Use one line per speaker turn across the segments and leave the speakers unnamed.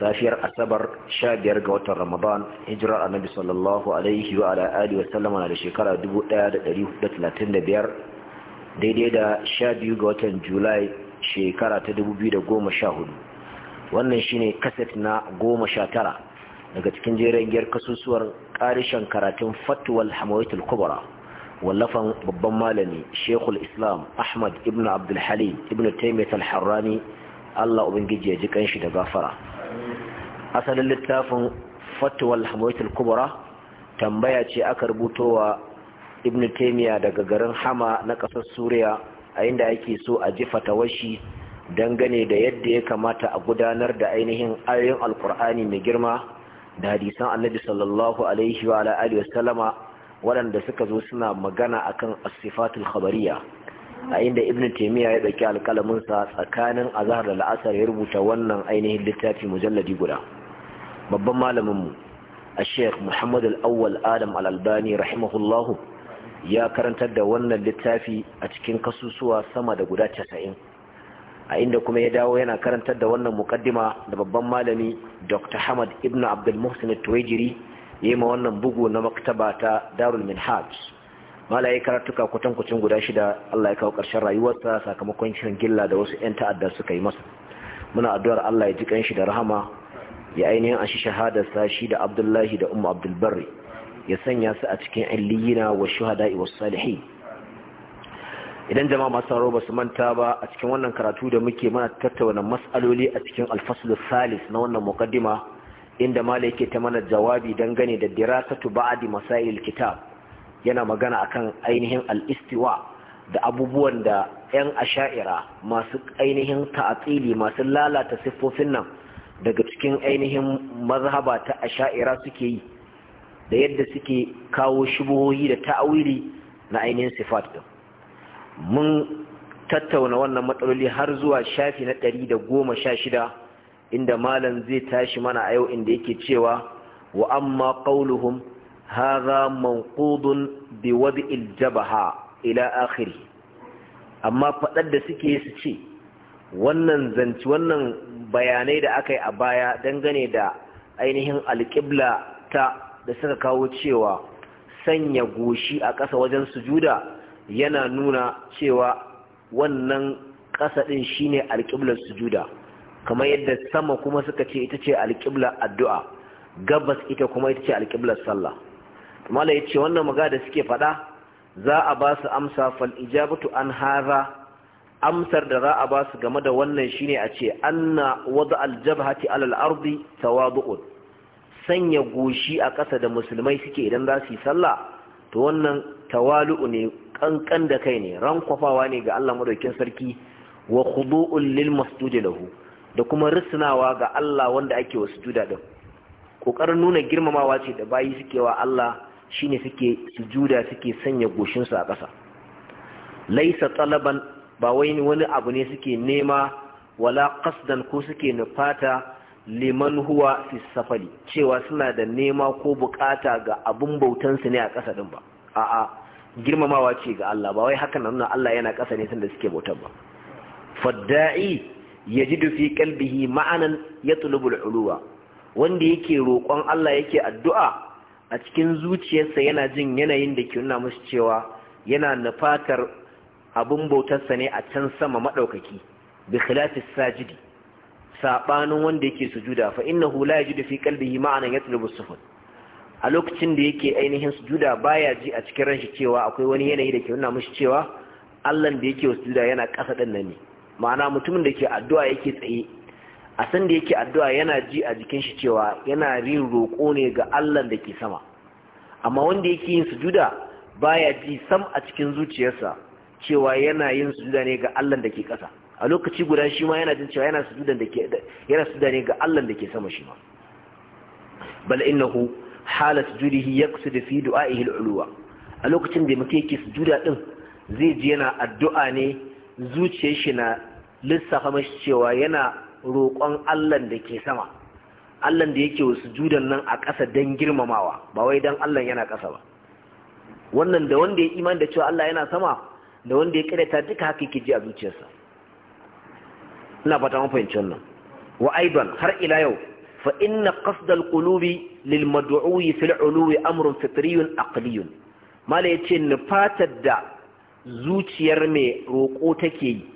safiyar asabar biyar ga watan ramadan hijirar annabi sallallahu alaihi wa ala'adu alihi wasallam na da shekara 1435 daidai da biyu ga watan julai shekara ta 2014 wannan shine kaset na 19 daga cikin jerin giyar kasusuwar karishen karatun fatwal hamawaitul kubara wallafan babban malami shekul islam ahmad ibn abdulhalim ibn taimiyat al-harrani Allah Ubangiji ya ji kanshi da gafara asalin littafin fatuwal hamawitul kubra tambaya ce aka rubutowa ibn taimiya daga garin hama na ƙasar suriya a inda ake so a ji fatawashi dangane da yadda ya kamata a gudanar da ainihin ayoyin alkur'ani mai girma da hadisan annabi sallallahu alaihi wa alihi wasallama waɗanda suka zo suna magana akan asifatul khabariya a inda ibn taymiya ya ɗauki sa tsakanin azahar da la'asar ya rubuta wannan ainihin littafi mujalladi guda babban malaminmu a sheikh muhammad al'awwal adam al'albani rahimahullahu ya karantar da wannan littafi a cikin kasusuwa sama da guda casa'in a inda kuma ya dawo yana karantar da wannan mukaddima da babban malami dr hamad ibn abdul muhsin tuwajiri ya yi ma wannan bugu na maktaba ta darul minhaj mala ya karatuka kwatankwacin guda shida Allah ya kawo ƙarshen rayuwarsa sakamakon shan gilla da wasu 'yan ta'adda suka yi masa muna addu'ar Allah ya ji kanshi da rahama ya ainihin ashi shahadarsa shi da Abdullahi da Umma Abdulbarri ya sanya su a cikin alliyina wa shuhada'i was salihi idan jama'a masu sauraro ba su manta ba a cikin wannan karatu da muke mana tattauna mas'aloli a cikin alfasul salis na wannan muqaddima inda malai yake ta mana jawabi dangane da dirasatu ba'di masail kitab yana magana akan ainihin al-istiwa da abubuwan da 'yan asha'ira masu ainihin ta'atsili masu lalata siffofin nan daga cikin ainihin mazhaba ta asha'ira suke yi da yadda suke kawo shubuhohi da ta'awili na ainihin sifat din mun tattauna wannan matsaloli har zuwa shafi na ɗari da goma sha shida, inda malam zai tashi mana a yau inda yake cewa wa amma qauluhum هذا manqudun bi الجبهة إلى ila akhiri amma سكي da suke su ce wannan zanci wannan bayanai da aka yi a baya dangane da ainihin alƙibla ta da suka kawo cewa sanya goshi a ƙasa wajen sujuda yana nuna cewa wannan ƙasa ɗin shi shine alƙiblar sujuda kamar yadda sama kuma suka ce ita ce alƙiblar addu'a gabas ita kuma ita ce alƙiblar sallah mala ya ce wannan maga da suke faɗa za a ba su amsa fal ijabatu an haza amsar da za a ba su game da wannan shine a ce anna wada aljabhati alal ardi tawadu'un sanya goshi a ƙasa da musulmai suke idan za su yi sallah to wannan tawalu'u ne kankan da kai ne rankwafawa ne ga Allah Madaukin sarki wa khudu'un lil masjudi lahu da kuma risnawa ga Allah wanda ake wa sujuda din kokarin nuna girmamawa ce da bayi suke wa Allah shine suke sujuda suke sanya goshinsu a ƙasa laisa talaban ba wai wani abu ne suke nema wala qasdan ko suke nufata liman huwa fi safali cewa suna da nema ko bukata ga abun bautansu ne a ƙasa din ba a'a girmamawa ce ga Allah ba wai haka nuna Allah yana ƙasa ne tunda suke bautar ba fadda'i yajidu fi qalbihi ma'anan yatlubu al-uluwa wanda yake roƙon Allah yake addu'a a cikin zuciyarsa yana jin yanayin da ke nuna musu cewa yana nufatar abin bautarsa ne a can sama maɗaukaki bi khilafis sajidi saɓanin wanda yake sujuda fa innahu la yajidu fi qalbihi ma'anan yatlubu sufun a lokacin da yake ainihin sujuda baya ji a cikin ranshi cewa akwai wani yanayi da ke nuna musu cewa Allah da yake sujuda yana kasa din ne ma'ana mutumin da ke addu'a yake tsaye a san da yake addu'a yana ji a jikin shi cewa yana rin roƙo ne ga Allah da ke sama amma wanda yake yin sujuda baya ji sam a cikin zuciyarsa cewa yana yin sujuda ne ga Allah da ke ƙasa a lokaci guda shi ma yana jin cewa yana sujuda da ke yana sujuda ne ga Allah da ke sama shi ma bal innahu hala sujudihi yaqsidu fi du'aihi al a lokacin da mutum yake sujuda din zai ji yana addu'a ne zuciyar na lissafa mashi cewa yana roƙon Allah da ke sama Allah da yake wasu judan nan a ƙasa don girmamawa ba wai don Allah yana ƙasa ba wannan da wanda ya iman da cewa Allah yana sama da wanda ya ta duka haka yake ji a zuciyarsa ina fata mun fahimci wannan wa aidan har ila yau fa inna qasd al qulubi lil mad'u'i fil 'uluwi amrun fitriyun aqliyun mala yace nufatar da zuciyar mai roƙo take yi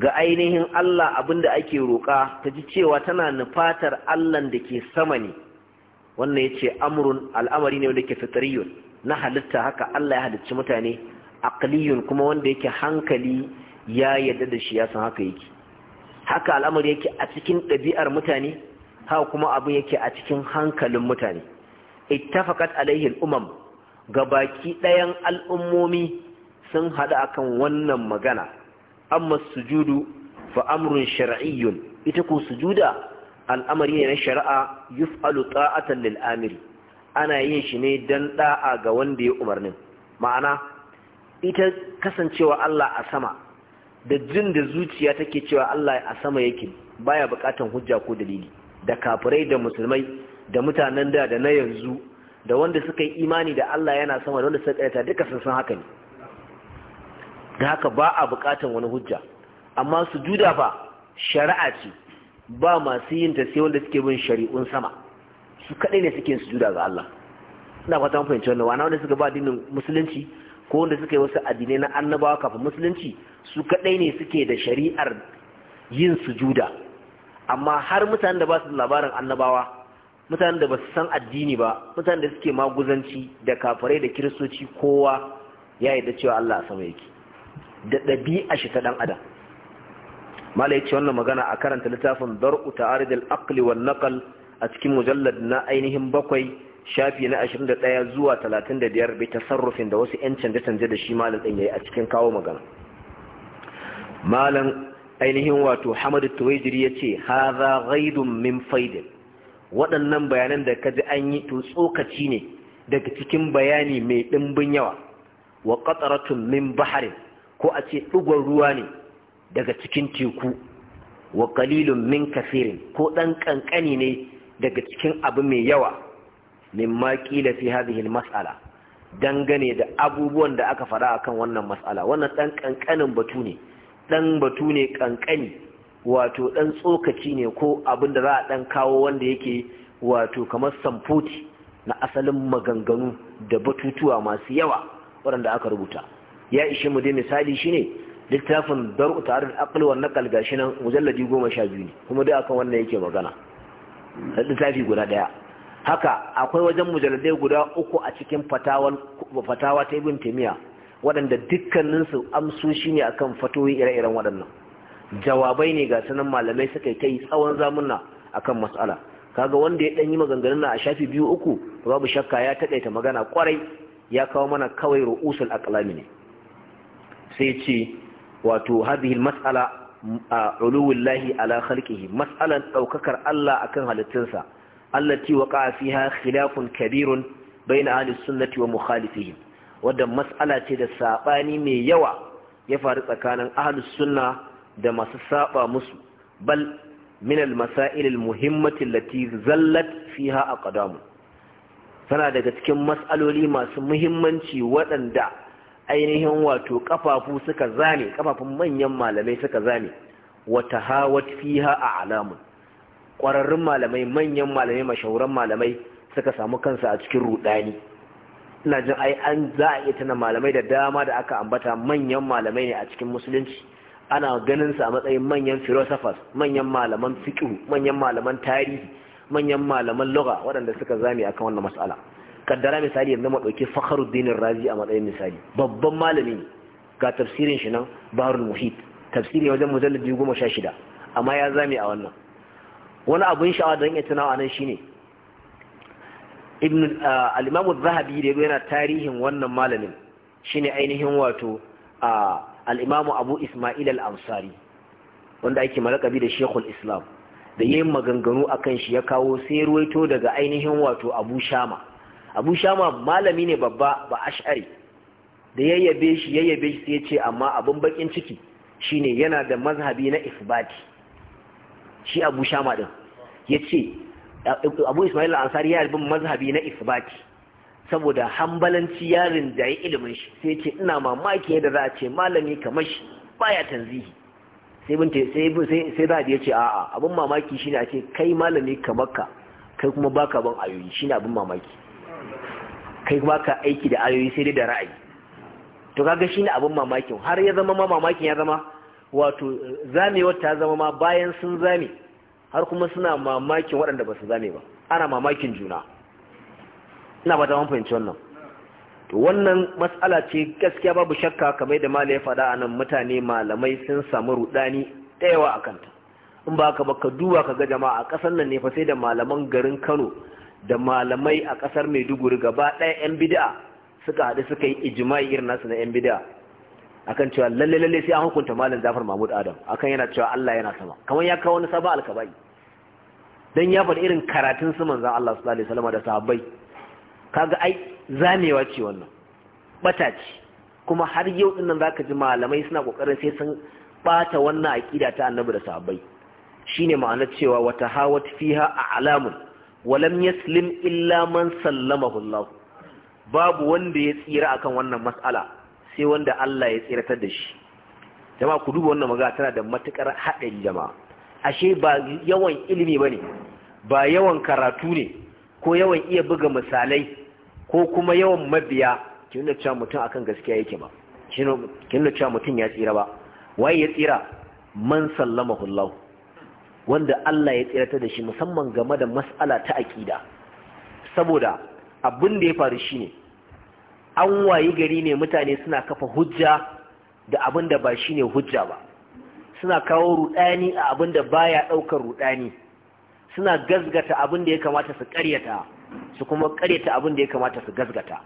ga ainihin Allah abin da ake roƙa ta ji cewa tana nufatar Allahn da ke sama ne wannan ya ce amurin al'amari ne wanda ke fitariyun na halitta haka Allah ya halicci mutane aqliyun kuma wanda yake hankali ya yadda da shi ya san haka yake haka al'amari yake a cikin ɗabi'ar mutane haka kuma abin yake a cikin hankalin mutane ittafaqat alaihi al'umam ga baki ɗayan al'ummomi sun haɗu akan wannan magana amma sujudu fa amrun shar'iyyun ita ko sujuda al'amari ne na shari'a yuf'alu ta'atan lil amiri ana yin shi ne dan da'a ga wanda ya umarnin ma'ana ita kasancewa Allah a sama da jin da zuciya take cewa Allah a sama yake baya bukatan hujja ko dalili da kafirai da musulmai da mutanen da da na yanzu da wanda suka yi imani da Allah yana sama da wanda suka karyata duka sun san haka ne da haka ba a buƙatar wani hujja amma sujuda fa shari'a ce ba masu yin ta sai wanda suke bin shari'un sama su kaɗai ne suke sujuda ga Allah ina fata mun fahimci wannan wani wanda suka ba addinin musulunci ko wanda suka yi wasu addinai na annabawa kafin musulunci su kaɗai ne suke da shari'ar yin sujuda amma har mutanen da ba su labarin annabawa mutanen da ba su san addini ba mutanen da suke maguzanci da kafarai da kiristoci kowa ya da cewa Allah a sama yake da ɗabi'a shi ta ɗan adam mala ya ce wannan magana a karanta littafin dar'u ta'aridul aqli wal naqal a cikin mujallar na ainihin bakwai shafi na 21 zuwa 35 bai tasarrufin da wasu yan canje-canje da shi malam ɗin yayi a cikin kawo magana malam ainihin wato Hamadu Tuwaijiri ya ce hadha ghaidun min faidin waɗannan bayanan da kaji an yi to tsokaci ne daga cikin bayani mai ɗimbin yawa wa qataratun min baharin ko a ce ɗugon ruwa ne daga cikin teku wa ƙalilun min kafirin ko ɗan ƙanƙani ne daga cikin abu mai yawa mimma qila fi hadhihi mas'ala dangane da abubuwan da aka faɗa akan wannan mas'ala wannan ɗan ƙanƙanin batu ne ɗan batu ne ƙanƙani wato ɗan tsokaci ne ko abin da za a ɗan kawo wanda yake wato kamar samfoti na asalin maganganu da batutuwa masu yawa waɗanda aka rubuta ya ishe mu dai misali shine littafin dar'u ta'arud na wa naqal gashi nan mujalladi 12 ne kuma dai akan wannan yake magana littafi guda daya haka akwai wajen mujalladai guda uku a cikin fatawa ta ibn taymiya waɗanda su amsu ne akan fatoyi ire-iren waɗannan jawabai ne ga sanan malamai suka yi ta yi tsawon zamunna akan mas'ala kaga wanda ya dan yi maganganun na a shafi biyu uku babu shakka ya taɗaita magana kwarai ya kawo mana kawai ru'usul aqlami ne sai ce wato hadhihi mas'ala uluwillahi ala khalqihi mas'alan daukakar Allah akan halittunsa allati waqa fiha khilafun kabirun bayna ahli sunnati wa mukhalifihim wadda mas'ala ce da sabani mai yawa ya faru tsakanin ahlus sunna da masu saba musu bal min al masail al muhimmati allati zallat fiha aqdamu tana daga cikin mas'aloli masu muhimmanci waɗanda ainihin wato kafafu suka zane kafafun manyan malamai suka zane wata hawat fiha a alamun ƙwararrun malamai manyan malamai mashauran malamai suka samu kansa a cikin rudani ina jin ai an za a iya tana malamai da dama da aka ambata manyan malamai ne a cikin musulunci ana ganin sa a matsayin manyan philosophers manyan malaman fiqh manyan malaman tarihi manyan malaman lugha waɗanda suka zame akan wannan mas'ala kaddara misali yanzu mu ɗauki Fakhruddin Razi a matsayin misali babban malami ne ga tafsirin shi nan Baharul Muhit tafsiri wajen sha 16 amma ya zame a wannan wani abun sha'awa da yake tunawa nan shine Ibn al-Imam az-Zahabi da yana tarihin wannan malamin shine ainihin wato al-Imam Abu Isma'il al-Ansari wanda ake malakabi da shekul Islam da yin maganganu akan shi ya kawo sai ruwaito daga ainihin wato Abu Shama abu shama malami ne babba ba ash'ari da yayyabe shi yayyabe shi sai ce amma abin bakin ciki shine yana da mazhabi na isbati shi abu shama din ya ce abu ismail ansari ya bin mazhabi na isbati saboda hambalanci yarin da ya ilimin shi sai ce ina mamaki yadda za a ce malami kamar shi baya tanzihi sai bin sai sai da ya ce a'a abin mamaki shine a ce kai malami kamar ka kai kuma baka ban ayoyi shine abin mamaki kai ba ka aiki da ayoyi sai dai da ra'ayi to kaga shine abin mamakin har ya zama ma mamakin ya zama wato wata ta zama ma bayan sun zame har kuma suna mamakin waɗanda ba su zame ba ana mamakin juna ina ba ta man fahimci wannan to wannan matsala ce gaskiya babu shakka kamar da malai ya faɗa a nan mutane malamai sun samu rudani da a kanta in ba ka baka duba ka ga jama'a a ƙasar nan ne fa sai da malaman garin Kano da malamai a ƙasar maiduguri gaba ɗaya 'yan bid'a suka haɗu suka yi ijimai irin nasu na 'yan bid'a akan cewa lalle lalle sai an hukunta malam zafar Mahmud Adam akan yana cewa Allah yana sama kamar ya kawo wani sabon alkabai Don ya faɗi irin karatun su za Allah su alaihi salama da sahabbai kaga ai zamewa ce wannan Ɓata ce kuma har yau ɗinnan nan zaka ji malamai suna ƙoƙarin sai sun ɓata wannan a ta annabi da sahabbai shine ma'anar cewa wata hawat fiha a'lamun walam yaslim illa man sallamahu Allah babu wanda ya tsira akan wannan mas'ala sai wanda Allah ya tsiratar da shi jama'a ku duba wannan magana tana da matukar haɗari jama'a ashe ba yawan ilimi bane ba yawan karatu ne ko yawan iya buga misalai ko kuma yawan mabiya ki nuna cewa mutum akan gaskiya yake ba ki cewa mutum ya tsira ba waye ya tsira man sallamahu Allah wanda Allah ya tsirata da shi musamman game da mas'ala ta aƙida saboda abin da ya faru shine an wayi gari ne mutane suna kafa hujja da abin da ba shine hujja ba suna kawo rudani a abin da baya ɗaukar rudani suna gazgata abin da ya kamata su karyata su kuma karyata abin da ya kamata su gazgata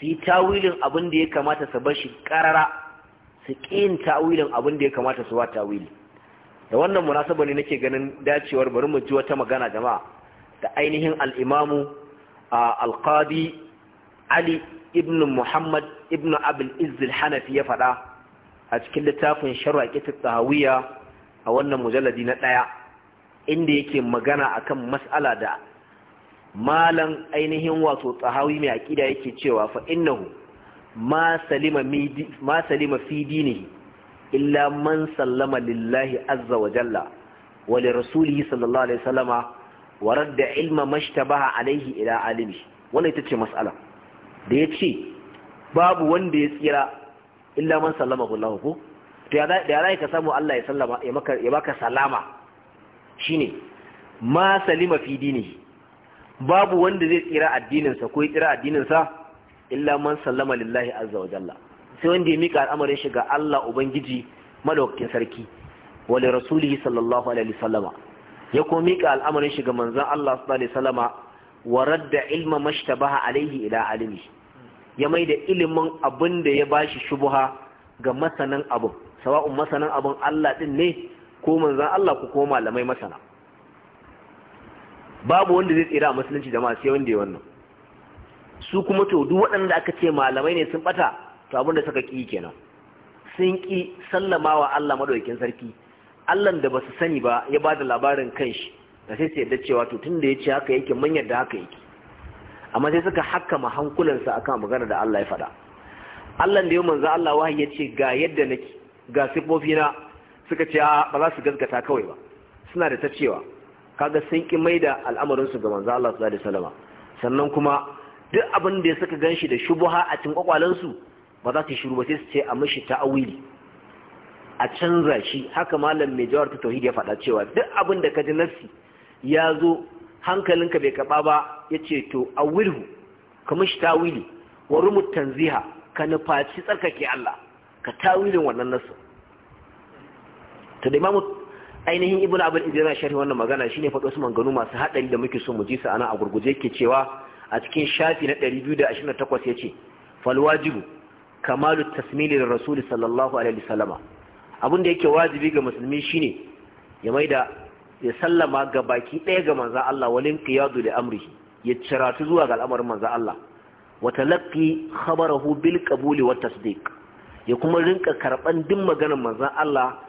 su yi tawilin abin da ya kamata su bar shi karara su ƙin tawilin abin da ya kamata su wa tawilin. da wannan munasaba ne nake ganin dacewar bari mu ji wata magana jama'a da ainihin al-imamu al-qadi Ali ibn Muhammad ibn Abul Izz al-Hanafi ya faɗa a cikin littafin Sharaqit al-Tahawiyya a wannan mujalladi na ɗaya inda yake magana akan mas'ala da malan ainihin wato tsahawi mai aqida yake cewa fa innahu ma salima ma salima fi dinihi illa man sallama lillahi azza wa jalla wa li rasulihi sallallahu alaihi wasallama wa radda ilma mashtabaha alaihi ila alimi wannan ita ce mas'ala da ya ce babu wanda ya tsira illa man sallama kullahu ko to ya da ka samu Allah ya sallama ya maka ya baka salama shine ma salima fi dinihi babu wanda zai tsira addininsa ko ya tsira addininsa illa man sallama lillahi azza wa jalla sai wanda ya mika al'amarin shi ga Allah ubangiji madaukakin sarki wa li rasulihi sallallahu alaihi wasallama ya kuma mika al'amarin shi ga manzon Allah sallallahu alaihi wasallama wa radda ilma mashtabaha alaihi ila alimi ya mai da ilimin abin da ya bashi shubuha ga masanan abin sawa'un masanan abin Allah din ne ko manzon Allah ko kuma malamai masana babu wanda zai tsira a musulunci jama'a sai wanda ya wannan su kuma to duk waɗanda aka ce malamai ne sun bata to abinda suka ƙi kenan sun ƙi sallama wa Allah madaukakin sarki Allah da basu sani ba ya ba da labarin kanshi da sai su yadda cewa to ya ce haka yake manyan da haka yake amma sai suka hakkama hankulansa akan magana da Allah ya faɗa Allah da ya manzo Allah wahayi ya ce ga yadda nake ga sifofina suka ce ba za su gaskata kawai ba suna da ta cewa kaga sun ƙi mai al'amarin su ga manzo Allah sallallahu alaihi wasallam sannan kuma duk abin da suka ganshi da shubuha a cikin kwakwalansu ba za su shiru ba sai su ce a mashi ta'awili a canza shi haka malam mai jawar ta tauhidi ya faɗa cewa duk abin da ka ji nassi ya zo hankalinka bai kaba ba ya ce to a wilhu ka mashi ta'awili wa rumut tanziha ka nufaci tsarkake Allah ka ta'awilin wannan nassin to da imamu ainihin ibn abul izina sharhi wannan magana shine faɗo su manganu masu haɗari da muke so mu ji su ana a gurguje ke cewa a cikin shafi na 228 yace fal wajibu kamalu tasmili da rasuli sallallahu alaihi salama abin da yake wajibi ga musulmi shine ya maida ya sallama ga baki ɗaya ga manza Allah walin qiyadu da amri, ya ciratu zuwa ga al'amarin manza Allah wa talaqqi khabarahu bil qabuli wat tasdiq ya kuma rinka karban din maganar manza Allah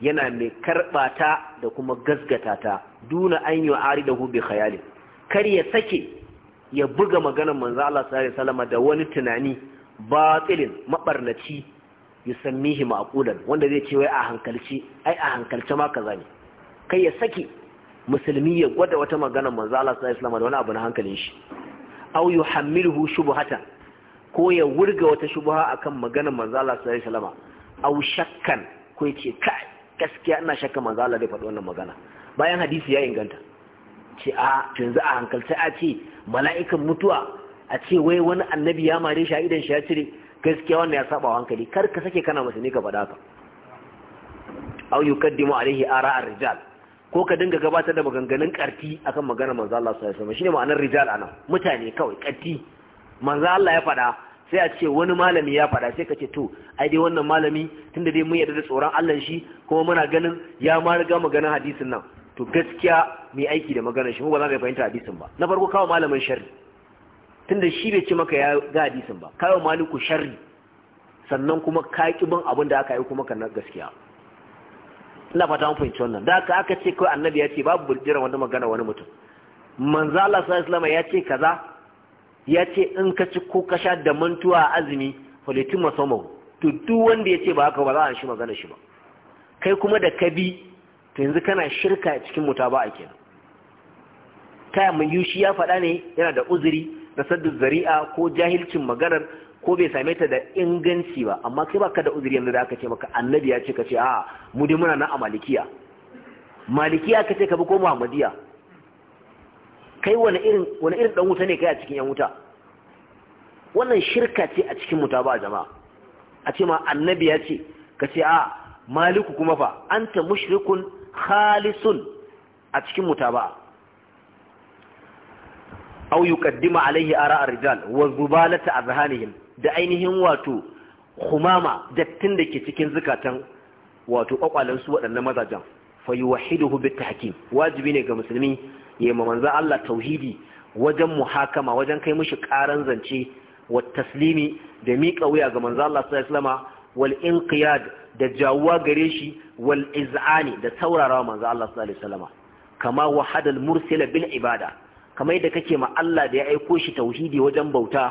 yana mai karɓa ta da kuma gasgata ta duna an yi ari da hube khayali kar ya sake ya buga maganar manza Allah sallallahu alaihi da wani tunani batilin mabarnaci mihi ma'akudan wanda zai ce wai a hankalci ai a hankalce ma kaza ne kai ya saki musulmi ya gwada wata magana manzo Allah sallallahu alaihi wasallam da wani abu na hankalin shi aw yuhammiluhu shubhatan ko ya wurga wata shubha akan maganar manzo Allah sallallahu alaihi wasallam aw shakkan ko ya ce kai gaskiya ina shakka manzo Allah zai faɗi wannan magana bayan hadisi ya inganta ce a yanzu a hankalce a ce mala'ikan mutuwa a ce wai wani annabi ya mare shi a idan shi ya cire gaskiya wannan ya saba hankali kar ka sake kana musulmi ka faɗa ka aw yukaddimu alaihi ara'ar rijal ko ka dinga gabatar da maganganun karti akan maganar manzo Allah sallallahu alaihi wasallam shine ma'anar rijal anan mutane kawai karti manzo Allah ya faɗa sai a ce wani malami ya faɗa sai ka ce to ai dai wannan malami tunda dai mun yarda da tsoron Allah shi kuma muna ganin ya ma riga maganar hadisin nan to gaskiya mai aiki da maganar shi mu ba za ka fahimta hadisin ba na farko kawo malamin sharri tunda shi bai ci maka ya ga hadisin ba kawo maliku sharri sannan kuma ka ki abin da aka yi kuma kana gaskiya ina fata mun fahimci wannan da aka ce kawai annabi ya ce babu burjira wani magana wani mutum manzo Allah sallallahu alaihi ya ce kaza ya ce in ka ci ko ka sha da mantuwa azumi falitin masamau to duk wanda ya ce ba haka ba za a shi magana shi ba kai kuma da kabi to yanzu kana shirka cikin mutaba a kenan Kayan mai yushi ya faɗa ne yana da uzuri na saddu zari'a ko jahilcin maganar ko bai same ta da inganci ba amma kai baka da uzuri yanzu da aka ce maka annabi ya ce ka ce a mu dai muna nan a malikiya malikiya ka ce ka bi ko muhammadiya kai wani irin wani irin dan wuta ne kai a cikin yan wuta wannan shirka ce a cikin ba jama'a a ce ma annabi ya ce ka ce a maliku kuma fa anta mushrikun khalisun a cikin ba. aw yuqaddima alaihi ara ar-rijal wa zubalata azhanihim da ainihin wato khumama dattin da ke cikin zukatan wato kwakwalen su waɗannan mazajen fa yuwahhiduhu bitahkim wajibi ne ga musulmi ya ma manzo Allah tauhidi wajen muhakama wajen kai mishi karan zance wa taslimi da miƙa wuya ga manzo Allah sallallahu alaihi wal inqiyad da jawuwa gare shi wal iz'ani da taurarawa manzo Allah sallallahu alaihi kama wahada mursila bil ibada kamar da kake ma Allah da ya aiko shi tauhidi wajen bauta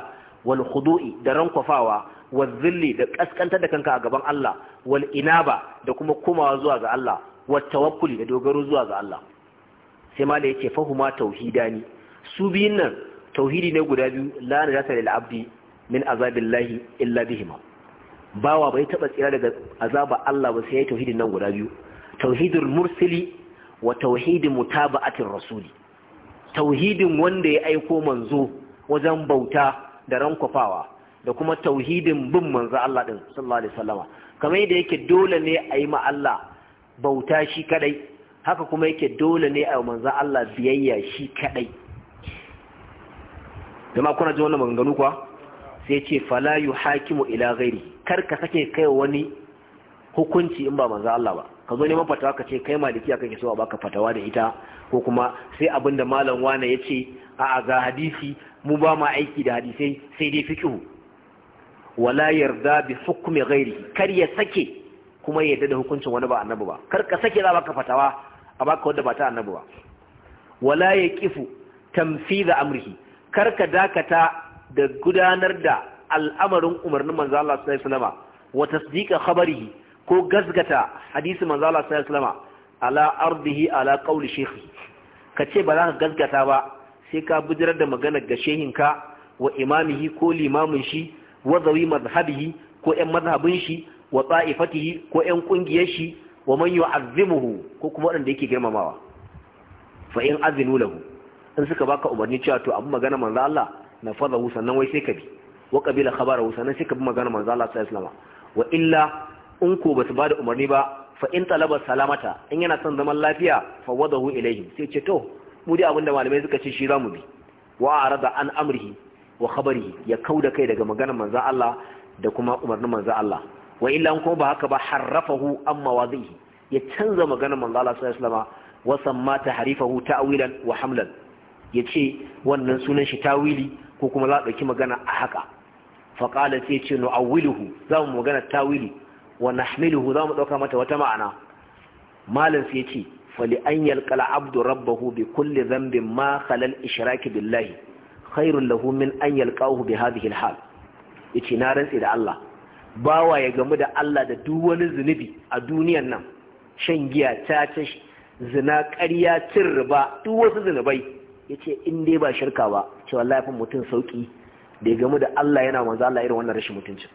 wal khudu'i da rankwafawa wal zilli da kaskantar da kanka a gaban Allah wal inaba da kuma komawa zuwa ga Allah wat tawakkuli da dogaro zuwa ga Allah sai da yake fahuma tauhidani su biyun nan tauhidi ne guda biyu la najata lil abdi min azabillahi illa bihima bawa bai taba tsira daga azaba Allah ba sai tauhidin nan guda biyu tauhidul mursili wa tauhid mutaba'atir rasuli tauhidin wanda ya aiko manzo wajen bauta da rankwafawa da kuma tauhidin bin manzo Allah din sallallahu alaihi wasallama kamar yadda yake dole ne a yi ma Allah bauta shi kadai haka kuma yake dole ne a yi manzo Allah biyayya shi kadai kuma kuna ji wannan maganganu kuwa sai ce fala yuhakimu ila ghairi kar ka sake kai wani hukunci in ba manzo Allah ba ka zo neman fatawa ka ce kai maliki malikiya kake so a baka fatawa da ita ko kuma sai abin da malam wane ya ce a ga hadisi mu ba ma aiki da hadisai sai dai fiqhu wala yarda bi hukumi gairi kar ya sake kuma ya yarda da hukuncin wani ba annabu ba kar ka sake za baka fatawa a baka wanda ba ta annabu ba wala ya tamfi da amurki kar ka dakata da gudanar da al'amarin umarnin manzo Allah sallallahu alaihi wasallam wa tasdiqa khabarihi ko gazgata hadisi manzo Allah sallallahu alaihi wasallam ala ardihi ala qawli shaykhi kace ba za ka gazgata ba sai ka bujirar da maganar ga shehinka wa imamihi ko limamin shi wa zawi madhhabihi ko ƴan madhhabin shi wa ta'ifatihi ko ƴan kungiyar shi wa man yu'azzimuhu ko kuma wanda yake girmamawa fa in azinu lahu in suka baka umarni cewa to abin magana manzo Allah na fadahu sannan wai sai ka bi wa qabila khabarahu sannan sai ka bi magana manzo Allah sallallahu alaihi wasallam wa illa in ko basu bada umarni ba fa in talabar salamata in yana son zaman lafiya fa wadahu ilayhi sai ce to mu dai abinda malamai suka ce shi zamu bi wa arada an amrihi wa khabarihi ya kauda kai daga maganar manzo Allah da kuma umarnin manzo Allah wa illa ko ba haka ba harrafahu amma wazihi ya canza maganar manzo Allah sallallahu alaihi wasallam wa samma tahrifahu ta'wilan wa hamlan yace wannan sunan shi tawili ko kuma za a ɗauki magana a haka faqala sai ce nu'awwiluhu za mu magana tawili wa nahmiluhu za mu ɗauka mata wata ma'ana malam sai ce fali an yalqal abdu rabbahu bi kulli dhanbin ma khala al ishraki billahi khairun lahu min an yalqahu bi hadhihi al hal yace na rantsi da Allah bawa ya gamu da Allah da duk wani zunubi a duniyar nan shan giya ta ta zina ƙarya cin riba duk wasu zunubai yace in dai ba shirka ba ce wallahi fa mutum sauki da ya gamu da Allah yana manzo Allah irin wannan rashin mutuncin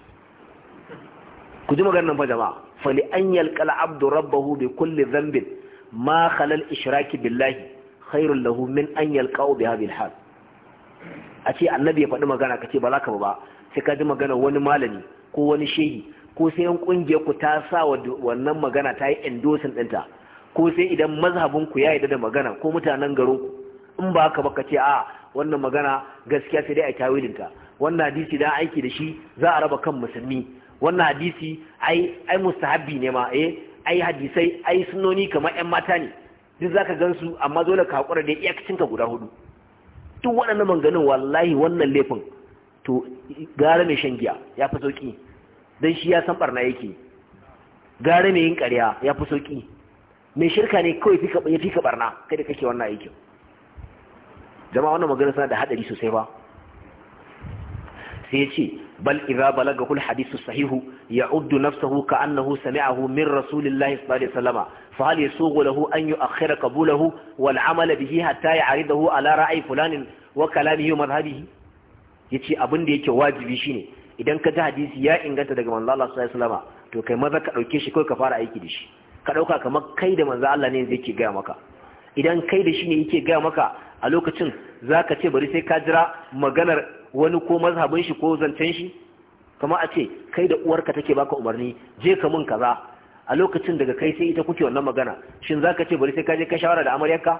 ku ji maganar fa jama'a li an yalqal abdu rabbahu bi kulli dhanbin ma khala al ishraki billahi khairul lahu min an yalqahu bi hadhihi al hal a ce annabi ya faɗi magana ka ce ba za ka ba sai ka ji magana wani malami ko wani shehi ko sai yan kungiyar ku ta sa wannan magana ta yi endorsing ɗinta ko sai idan mazhabin ku ya yarda da magana ko mutanen garin in ba haka ba ka ce a wannan magana gaskiya sai dai a tawilinta wannan hadisi da aiki da shi za a raba kan musulmi wannan hadisi ai ai mustahabbi ne ma eh ai hadisai ai sunnoni kamar ƴan mata ne duk zaka gansu amma dole ka hakura da iyakacin ka guda hudu duk waɗannan manganin wallahi wannan laifin to gara mai shan giya ya fi sauki dan shi ya san barna yake gara mai yin ƙarya ya fi sauki mai shirka ne kawai ya fi ka barna kai da kake wannan aikin jama'a wannan magana suna da hadari sosai ba sai ya ce بل إذا بلغه الحديث الصحيح يعد نفسه كأنه سمعه من رسول الله صلى الله عليه وسلم فهل يسوغ له أن يؤخر قبوله والعمل به حتى يعرضه على رأي فلان وكلامه ومذهبه yace abin da yake wajibi shine idan ka ji hadisi ya inganta daga manzo Allah sallallahu to kai maza ka dauke shi kai ka fara aiki da shi ka dauka kamar kai da manzo Allah ne yake ga maka idan kai da shi ne yake ga maka a lokacin zaka ce bari sai ka jira maganar wani ko mazhabin shi ko zancen shi kama a ce kai da uwarka take baka umarni je ka mun kaza a lokacin daga kai sai ita kuke wannan magana shin zaka ce bari sai ka je ka shawara da amaryarka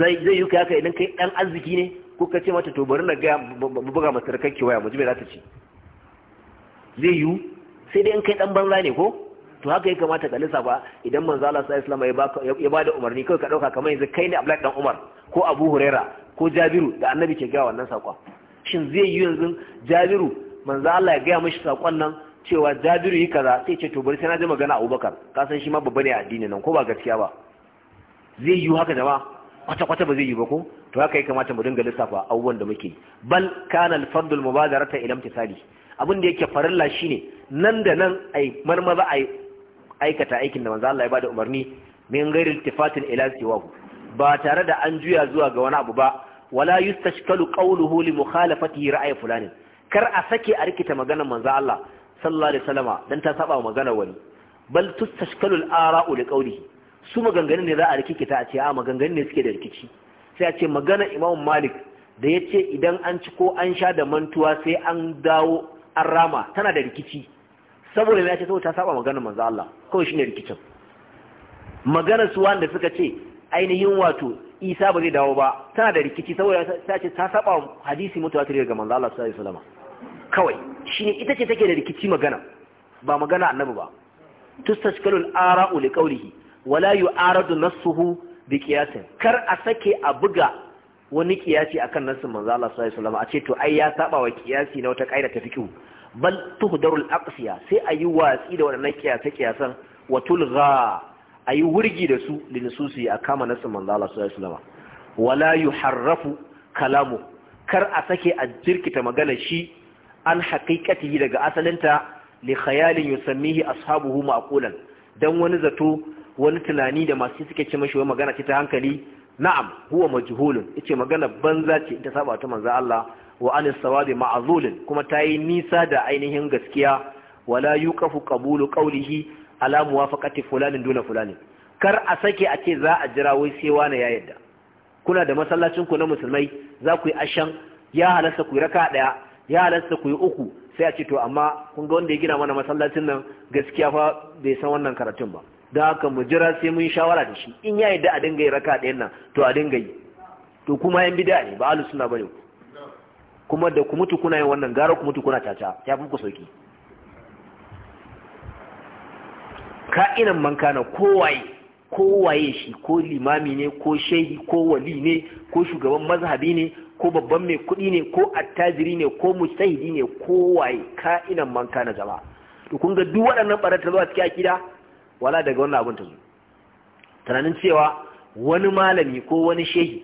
zai zai yi haka idan kai dan arziki ne Ko ka ce mata to bari na ga buga masarkar ki waya mu ji me za ta ce zai yi sai dai in kai dan banza ne ko to haka ya kamata ka lissafa idan manzo Allah sallallahu alaihi wasallam ya bada umarni kai ka dauka kamar yanzu kai ne Abdullahi dan Umar ko Abu Huraira ko jabiru da annabi ke gaya wannan saƙon shin zai yi yanzu jabiru manzo Allah ya gaya mashi saƙon nan cewa jabiru yi kaza sai ce to bari sai na ji magana Abubakar ka san shi ma babba ne a addini nan ko ba gaskiya ba zai yi haka jama'a kwata kwata ba zai yi ba ko to haka ya kamata mu dinga lissafa abubuwan da muke bal kana al fadl mubadarata ila imtisali abin da yake farilla shine nan da nan ai marmaza ai aikata aikin da manzo Allah ya bada umarni min ghairi iltifatin ila siwahu ba tare da an juya zuwa ga wani abu ba wala yustashkalu qawluhu li mukhalafatihi ra'ayi fulani kar a sake a rikita maganar manzo Allah sallallahu alaihi wasallama dan ta saba maganar wani bal tustashkalu al-ara'u li qawlihi su maganganun ne za a rikita a ce a maganganun ne suke da rikici sai a ce magana Imam Malik da yace idan an ci ko an sha da mantuwa sai an dawo an rama tana da rikici saboda ya ce saboda ta saba maganar manzo Allah kawai shine rikicin maganar su wanda suka ce ainihin wato isa ba zai dawo ba tana da rikici saboda ta ce ta saba hadisi mutawatir daga manzo Allah sallallahu alaihi wasallam kawai shine ita ce take da rikici magana ba magana annabi ba tustashkalul ara'u liqawlihi wala yu'aradu nassuhu bi kar a sake a buga wani kiyasi akan nassin manzo Allah sallallahu alaihi wasallam a ce to ai ya saba wa kiyasi na wata kaida ta fiqhu bal tuhdarul aqsiya sai ayi watsi da wannan kiyasa kiyasan wa tulgha a yi wurgi da su da a kama nasu manzo Allah sallallahu alaihi wasallam wala kalamu kar a sake a jirkita magana shi an haqiqatihi daga asalinta li khayalin yusammihi ashabuhu ma'qulan dan wani zato wani tunani da masu suke ce mashi wai magana ce ta hankali na'am huwa majhulun yace magana banza ce ita saba ta manzo Allah wa anis sawabi ma'zulun kuma ta yi nisa da ainihin gaskiya wala yuqafu qabulu qawlihi ala muwafaqati fulanin duna fulani kar a sake a ce za a jira wai sai wani ya yadda kuna da masallacin ku na musulmai za ku yi ashan ya halasta ku yi raka daya ya halasta ku yi uku sai a ce to amma kun ga wanda ya gina mana masallacin nan gaskiya fa bai san wannan karatun ba don haka mu jira sai mun shawara da shi in ya yadda a dinga yi raka ɗayan nan to a dinga yi to kuma yan bida ne ba alu suna bane kuma da ku mutu kuna yin wannan gara ku mutu kuna caca ya fi ku sauki ka'inan mankana kowaye
kowaye
shi ko limami ne ko shehi ko wali ne ko shugaban mazhabi ne ko babban mai kuɗi ne ko attajiri ne ko mustahidi ne kowaye ka'inan na jama'a to kun ga duk waɗannan barata zuwa cikin akida wala daga wannan abin ta zo tunanin cewa wani malami ko wani shehi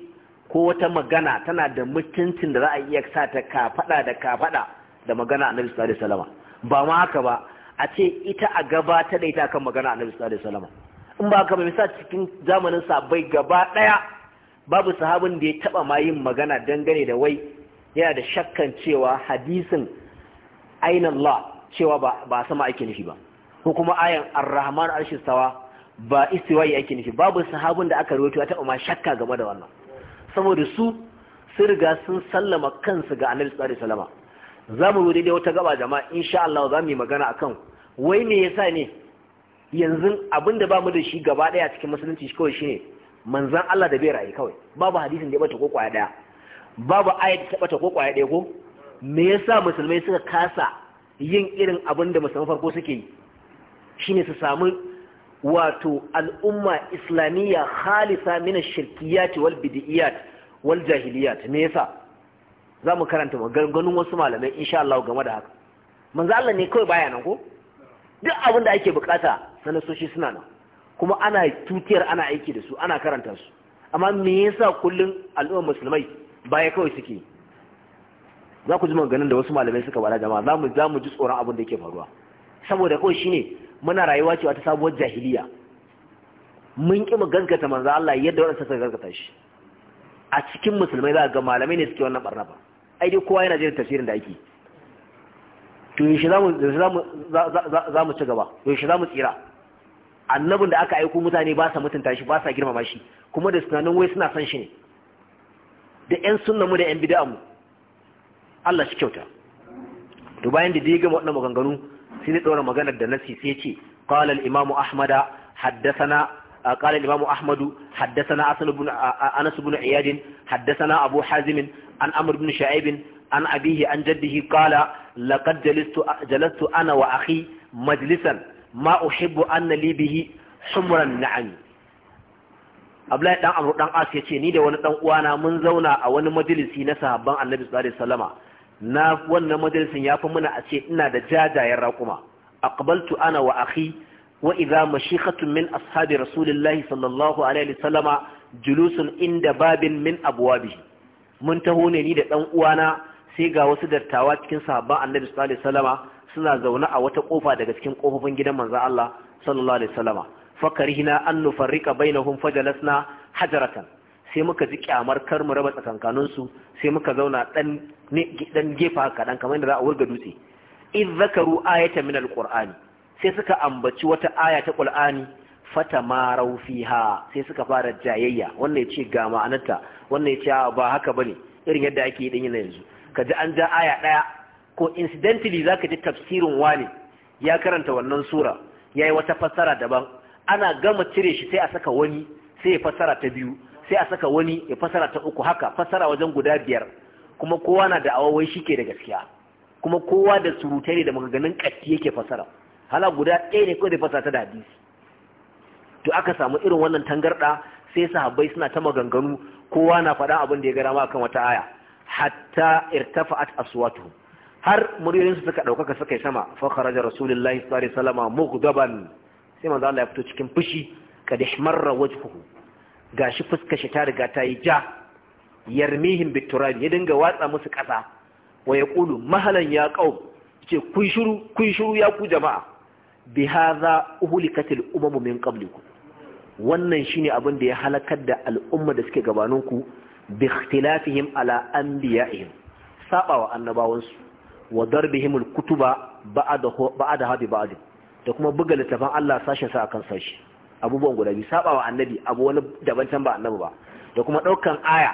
ko wata magana tana da mutuncin da za a iya sa ta kafaɗa da kafaɗa da magana annabi sallallahu alaihi wasallam ba ma haka ba a ce ita a gaba ta da ita kan magana annabi sallallahu alaihi wasallam in ba ka ba sa cikin zamanin sabai gaba daya babu sahabin da ya taba ma yin magana dangane da wai yana da shakkan cewa hadisin aina Allah cewa ba ba sama ake nufi ba ko kuma ayan ar-rahman arshi sawa ba wai ake nufi babu sahabin da aka rawaito ya taba ma shakka game da wannan saboda su sun riga sun sallama kansu ga annabi sallallahu alaihi wasallam za mu daidai wata gaba jama'a insha Allah za mu yi magana akan wai me yasa ne yanzu abin da mu da shi gaba daya cikin musulunci shi kawai shine manzan Allah da bai rayi kawai babu hadisin da ya bata ko kwaya daya babu ayat ta bata ko kwaya daya ko me yasa musulmai suka kasa yin irin abin da musulman farko suke yi shine su samu wato al'umma islamiyya khalisa min ash-shirkiyat wal bid'iyat wal jahiliyat me yasa zamu karanta maganganun wasu malamai insha Allah game da haka manzo Allah ne kawai baya nan ko duk abin da ake bukata sanasoshi suna nan kuma ana tutiyar ana aiki da su ana karanta su amma me yasa kullum al'ummar musulmai baya kawai suke za ku ji maganganun da wasu malamai suka bada jama'a za mu za mu ji tsoron abin da yake faruwa saboda kawai shine muna rayuwa cewa ta sabuwar jahiliya mun ki mu gaskata manzo Allah yadda wannan suka gaskata shi a cikin musulmai za ga malamai ne suke wannan barna ba ai dai kowa yana jin tafsirin da ake to yaushe za mu ci gaba yaushe za mu tsira annabin da aka aiko mutane ba sa mutunta shi ba sa girmama shi kuma da sunanin wai suna san shi ne da 'yan mu da 'yan mu Allah shi kyauta to bayan da dai gama waɗannan maganganu sai ne maganar da nasi sai ce qala al-imam ahmad haddathana qala al-imam ahmad haddathana asal ibn anas ibn iyad haddathana abu hazim an amr ibn an abihi an jaddihi kala laqad jalistu jalastu ana wa akhi majlisan ma uhibbu an li bihi humran na'am Abdullahi dan Amr dan As yace ni da wani dan uwana mun zauna a wani majalisi na sahabban Annabi sallallahu alaihi wasallama na wannan majalisin yafi muna a ce ina da jajayen raƙuma aqbaltu ana wa akhi wa idza mashikhatun min ashabi rasulillahi sallallahu alaihi wasallama julusun inda babin min abwabihi mun taho ne ni da dan uwana sai ga wasu dattawa cikin sahabban annabi sallallahu alaihi wasallama suna zaune a wata kofa daga cikin kofofin gidan manzon Allah sallallahu alaihi wasallama fakarihna an nufarrika bainahum fajalasna hajaratan sai muka ji kyamar kar mu raba tsakankanin su sai muka zauna dan dan gefa dan kamar da za a wurga dutse id zakaru ayatan min alqur'ani sai suka ambaci wata aya ta qur'ani marau fiha sai suka fara jayayya wannan ya ce ga ma'anarta wannan ya ce ba haka bane irin yadda ake yi din yanzu ka ji an ja aya ɗaya ko incidentally za ka ji tafsirin wani ya karanta wannan sura ya yi wata fassara daban ana gama cire shi sai a saka wani sai ya fassara ta biyu sai a saka wani ya fassara ta uku haka fassara wajen guda biyar kuma kowa na da awawai shi ke da gaskiya kuma kowa da surutai ne da maganganun ƙatti yake fassara hala guda ɗaya ne kawai da fassara ta da hadisi to aka samu irin wannan tangarɗa sai sahabbai suna ta maganganu kowa na faɗa abin da ya gara ma kan wata aya hatta irtafa'at aswatuhum har muryoyin su suka ɗaukaka suka sama fa kharaja rasulullahi sallallahu alaihi wasallam mughdaban sai manzo Allah ya fito cikin fushi kad ihmarra wajhuhu gashi fuskar shi ta riga ta yi ja yarmihim biturabi ya dinga watsa musu kasa. wa yaqulu mahalan ya qaum ce kun shiru kun shiru ya ku jama'a bi hadha uhlikatil umamu min qablikum wannan shine abin da ya halakar da al'umma da suke gabaninku bi ikhtilafihim ala anbiya'ihim sabawa annabawansu wa darbihim al-kutuba ba'da a ba'd da kuma buga littafin Allah sashin sa akan sashi abubuwan guda biyu sabawa annabi abu wani daban can ba annabi ba da kuma daukan aya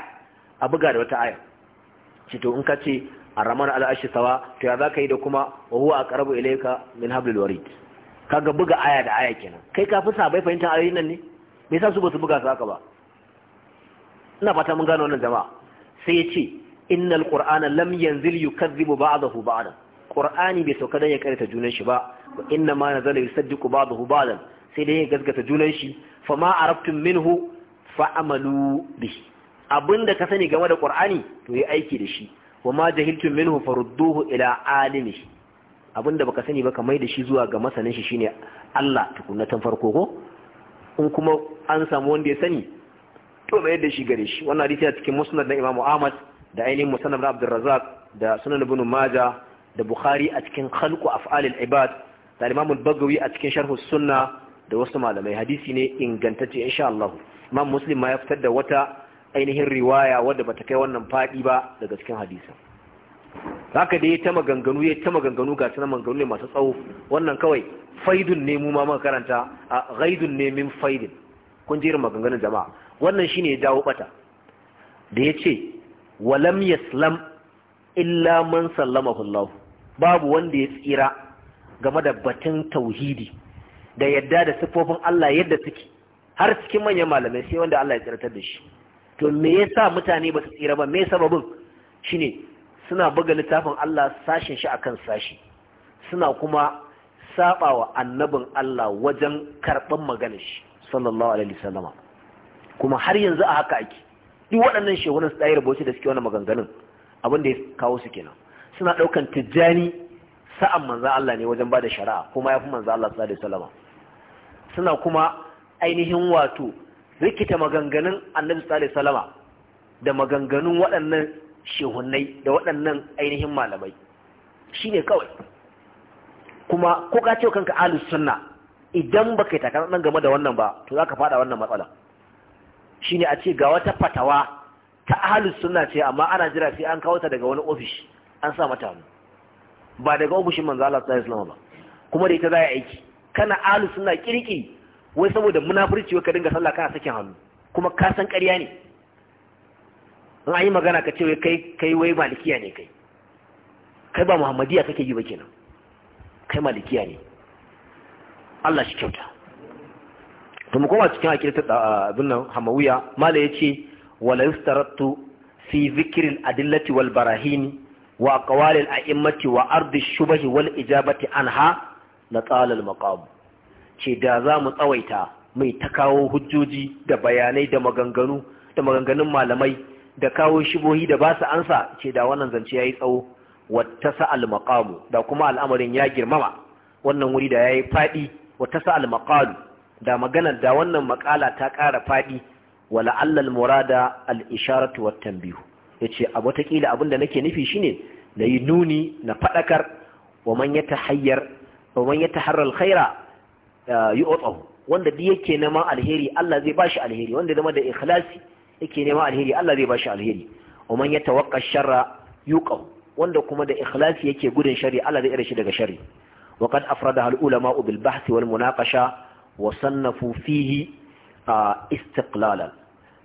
a buga da wata aya ce in ka ce arraman al'ashi sawa to ya zaka yi da kuma wa huwa Ilaika ilayka min hablil warid ga buga aya da aya kenan kai ka fi sabai fahimtar ayoyin nan ne me yasa su ba su buga su haka ba ina fata mun gano wannan jama'a sai ya ce innal qur'ana lam yanzil yukazzibu ba'dahu ba'dan qur'ani bai sauka dan ya karanta junan shi ba wa inna ma nazala yusaddiqu ba'dahu ba'dan sai dai ya gaskata junan shi fa ma arabtum minhu fa amalu bi abinda ka sani game da qur'ani to yi aiki da shi wa ma jahiltum minhu farudduhu ila alimi abinda baka sani ba ka mai da shi zuwa ga masanin shi shine Allah tukunna tan farko ko in kuma an samu wanda ya sani to mai da shi gare shi wannan hadisi a cikin musnad na Imam Ahmad da ainihin musnad na Abdul da sunan Ibn Majah da Bukhari a cikin khalqu af'alil ibad da imamu Al-Bagawi a cikin sharh sunna da wasu malamai hadisi ne ingantacce insha Allah Imam Muslim ma ya fitar da wata ainihin riwaya wadda bata kai wannan fadi ba daga cikin hadisi haka dai ta maganganu ya ta maganganu ga sunan maganganu ne masu tsawo wannan kawai faidun ne mu ma muka karanta a ghaidun ne min faidin kun jirin maganganun jama'a wannan shine ya dawo bata da ya ce walam yaslam illa man sallama Allah babu wanda ya tsira game da batun tauhidi da yadda da sifofin Allah yadda suke har cikin manyan malamai sai wanda Allah ya tsirtar da shi to me yasa mutane ba su tsira ba me sababin shine suna buga littafin Allah sashin shi akan sashi suna kuma sabawa annabin Allah wajen karɓar maganar shi sallallahu alaihi wasallama kuma har yanzu a haka ake duk waɗannan shehunan su ɗaya bauchi da suke wani maganganun abin da ya kawo su kenan suna ɗaukan tijjani sa'an manzan Allah ne wajen ba da shari'a kuma ya fi manzan Allah sallallahu da salama suna kuma ainihin wato rikita maganganun annabi sallallahu da salama da maganganun waɗannan shehunai da waɗannan ainihin malamai Shi ne kawai kuma ko ka ce kanka alus sunna idan baka yi takarar game da wannan ba to zaka fada wannan matsalar. shine a ce ga wata fatawa ta ahlus sunna ce amma ana jira sai an kawo ta daga wani ofish an sa mata hannu ba daga ofishin manzo Allah sallallahu alaihi wasallam ba kuma dai ta za a aiki kana ahlus sunna kirki wai saboda munafurci ka dinga sallah kana sakin hannu kuma ka san ƙarya ne in an yi magana ka ce wai kai kai wai malikiya ne kai kai ba muhammadiya kake yi ba kenan kai malikiya ne Allah shi kyauta to mu koma cikin ta abin nan hamawiya mala yace wala yustaratu fi zikril adillati wal barahin wa aqwalil a'immati wa ardi shubah wal ijabati anha la qala al maqam ce da za mu tsawaita mai ta kawo hujjoji da bayanai da maganganu da maganganun malamai da kawo shibohi da ba su ansa ce da wannan zance ya yi tsawo wata al maqamu da kuma al'amarin ya girmama wannan wuri da yayi fadi wata al maqalu da magana da wannan makala ta ƙara faɗi wala allal murada al isharatu wat tanbihu yace abu ta kila abinda nake nufi shine da yi nuni na fadakar wa man yatahayyar wa man yataharra al khaira eh, yu'tahu wanda duk yake neman alheri Allah zai bashi alheri wanda zama da ikhlasi yake neman alheri Allah zai bashi alheri wa man yatawaqqa sharra yuqaw wanda kuma da ikhlasi yake gudun shari Allah zai ira shi daga shari وقد أفردها العلماء بالبحث والمناقشة wa a fihi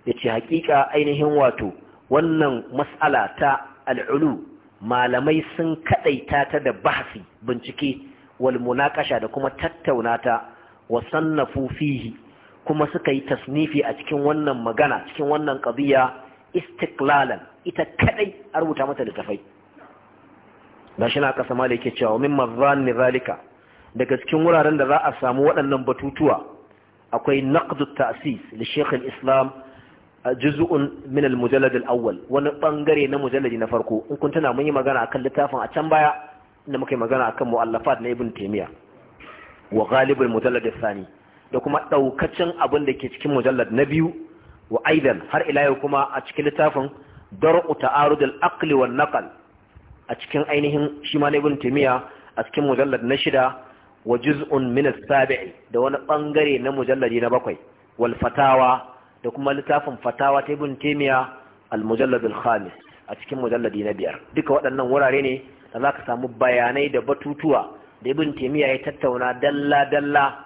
ya ce hakika ainihin wato wannan mas'ala ta al'ulu malamai sun kadaita ta da bahasi bincike walmunaƙasha da kuma tattaunata wa fihi kuma suka yi tasnifi a cikin wannan magana cikin wannan qadiya istiklalan ita kadai a rubuta mata littafai gashi na kasa ke cewa min mazanni zalika daga cikin wuraren da za a samu waɗannan batutuwa akwai naqdu ta'sis li shaykh islam juz'un min al-mujallad al-awwal wani bangare na mujalladi na farko in kun tana mun yi magana akan littafin a can baya inda muka yi magana akan mu'allafat na ibn taymiya wa ghalib al-mujallad al-thani da kuma daukacin abin da ke cikin mujallad na biyu wa aidan har ila yau kuma a cikin littafin dar'u ta'arud al-aql wa naql a cikin ainihin shi ma na ibn taymiya a cikin mujallad na shida wa juz'un min as-sabi'i da wani bangare na mujalladi na bakwai wal fatawa da kuma littafin fatawa ta ibn taymiya al-mujallad al-khamis a cikin mujalladi na biyar duka waɗannan wurare ne da zaka samu bayanai da batutuwa da ibn taymiya ya tattauna dalla dalla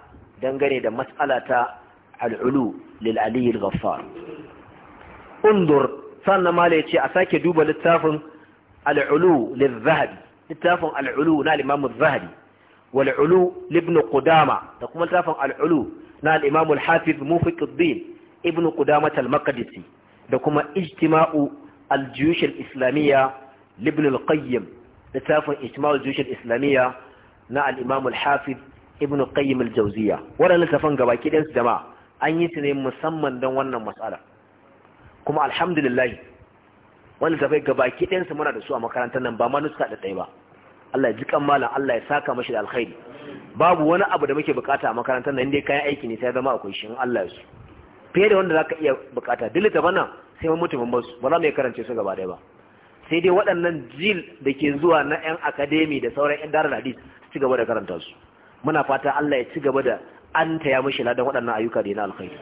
dangane da mas'ala ta al-ulu lil ali al-ghaffar undur sannan ma ce a sake duba littafin al-ulu lil-zahabi littafin al-ulu na al-imam az-zahabi والعلو لابن قدامة تقوم التافع العلو نا الإمام الحافظ موفق الدين ابن قدامة المقدسي تقوم اجتماع الجيوش الإسلامية لابن القيم لتافع اجتماع الجيوش الإسلامية نا الإمام الحافظ ابن القيم الجوزية ولا لتفن قبائك دين جماعة أن يتني مسمى دون ونن مسألة كما الحمد لله wanda tafai gabaki ɗayansu muna da su a makarantar nan ba ma nuska da ɗaya ba Allah ya ji kan malam Allah ya saka mashi da alkhairi babu wani abu da muke bukata a makarantar nan dai kayan aiki ne sai zama akwai shi in Allah ya so fiye da wanda zaka iya bukata duk littafan nan sai mun mutumin basu ba za mu karance su gaba ɗaya ba sai dai waɗannan jil da ke zuwa na 'yan akademi da sauran 'yan darar hadis ci gaba da karanta su muna fata Allah ya ci gaba da an taya mashi ladan waɗannan ayyuka da yana alkhairi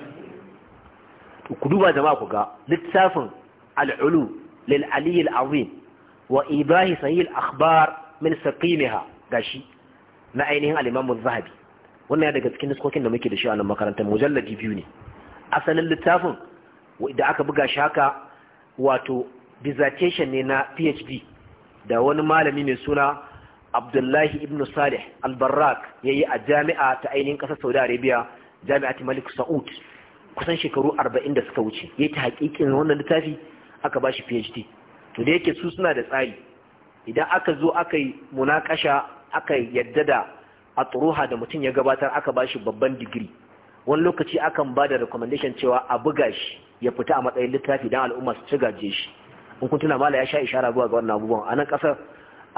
ku duba jama'a ku ga littafin al'ulu lil aliyyil azim wa ibahi sahih al akhbar min saqimiha gashi na ainihin al-Imam zahabi wannan ya daga cikin nuskokin da muke da shi a nan makarantar mujalladi biyu ne asalin littafin da aka buga shi haka wato dissertation ne na PhD da wani malami mai suna Abdullahi ibn Salih al-Barrak yayi a jami'a ta ainihin kasar Saudi Arabia jami'at Malik Saud kusan shekaru 40 da suka wuce yayi ta hakikin wannan littafi aka shi PhD to da yake su suna da tsari idan aka zo aka yi munakasha aka yadda da a atruha da mutum ya gabatar aka ba shi babban digiri wani lokaci akan ba da recommendation cewa a buga shi ya fita a matsayin littafi don al'umma su ci gaje shi in kun tuna mala ya sha ishara zuwa ga wannan abubuwan a nan kasar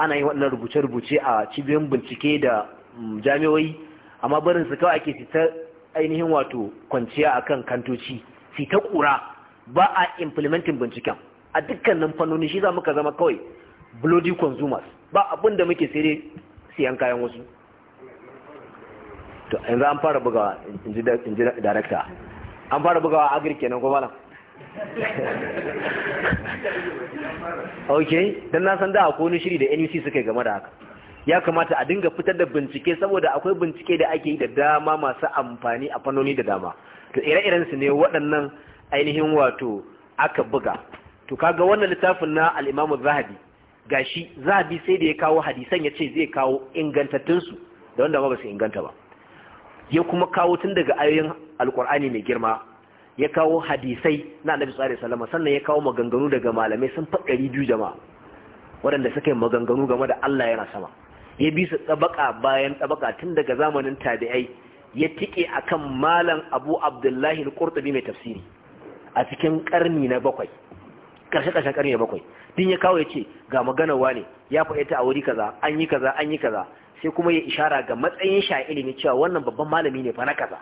ana yin waɗannan rubuce-rubuce a cibiyoyin bincike da mm, jami'oi amma barin su kawai ake fita ainihin wato kwanciya a kan kantoci fita kura ba a implementing binciken a dukkanin fannoni shi za muka zama kawai bloody consumers ba abin da muke sai dai siyan kayan wasu to yanzu an fara bugawa in ji darakta an fara bugawa agri kenan ko malam ok don na san da a wani shiri da nuc suka yi game da haka ya kamata a dinga fitar da bincike saboda akwai bincike da ake yi da dama masu amfani a fannoni da dama to ire-iren su ne waɗannan ainihin wato aka buga to kaga wannan littafin na al'imamu zahabi gashi za bi sai da ya kawo hadisan ya ce zai kawo ingantattunsu da wanda ba su inganta ba ya kuma kawo tun daga ayoyin alkur'ani mai girma ya kawo hadisai na annabi sallallahu alaihi wasallam sannan ya kawo maganganu daga malamai sun faɗari biyu jama'a waɗanda suka yi maganganu game da Allah yana sama ya bi su tsabaka bayan tsabaka tun daga zamanin tabi'ai ya tike akan malam Abu Abdullahi al-Qurtubi mai tafsiri a cikin karni na bakwai karshe karshen karni na bakwai din ya kawo ya ce ga magana ne ya faɗi ta a wuri kaza an yi kaza an yi kaza sai kuma ya ishara ga matsayin shi ilimi cewa wannan babban malami ne fa na kaza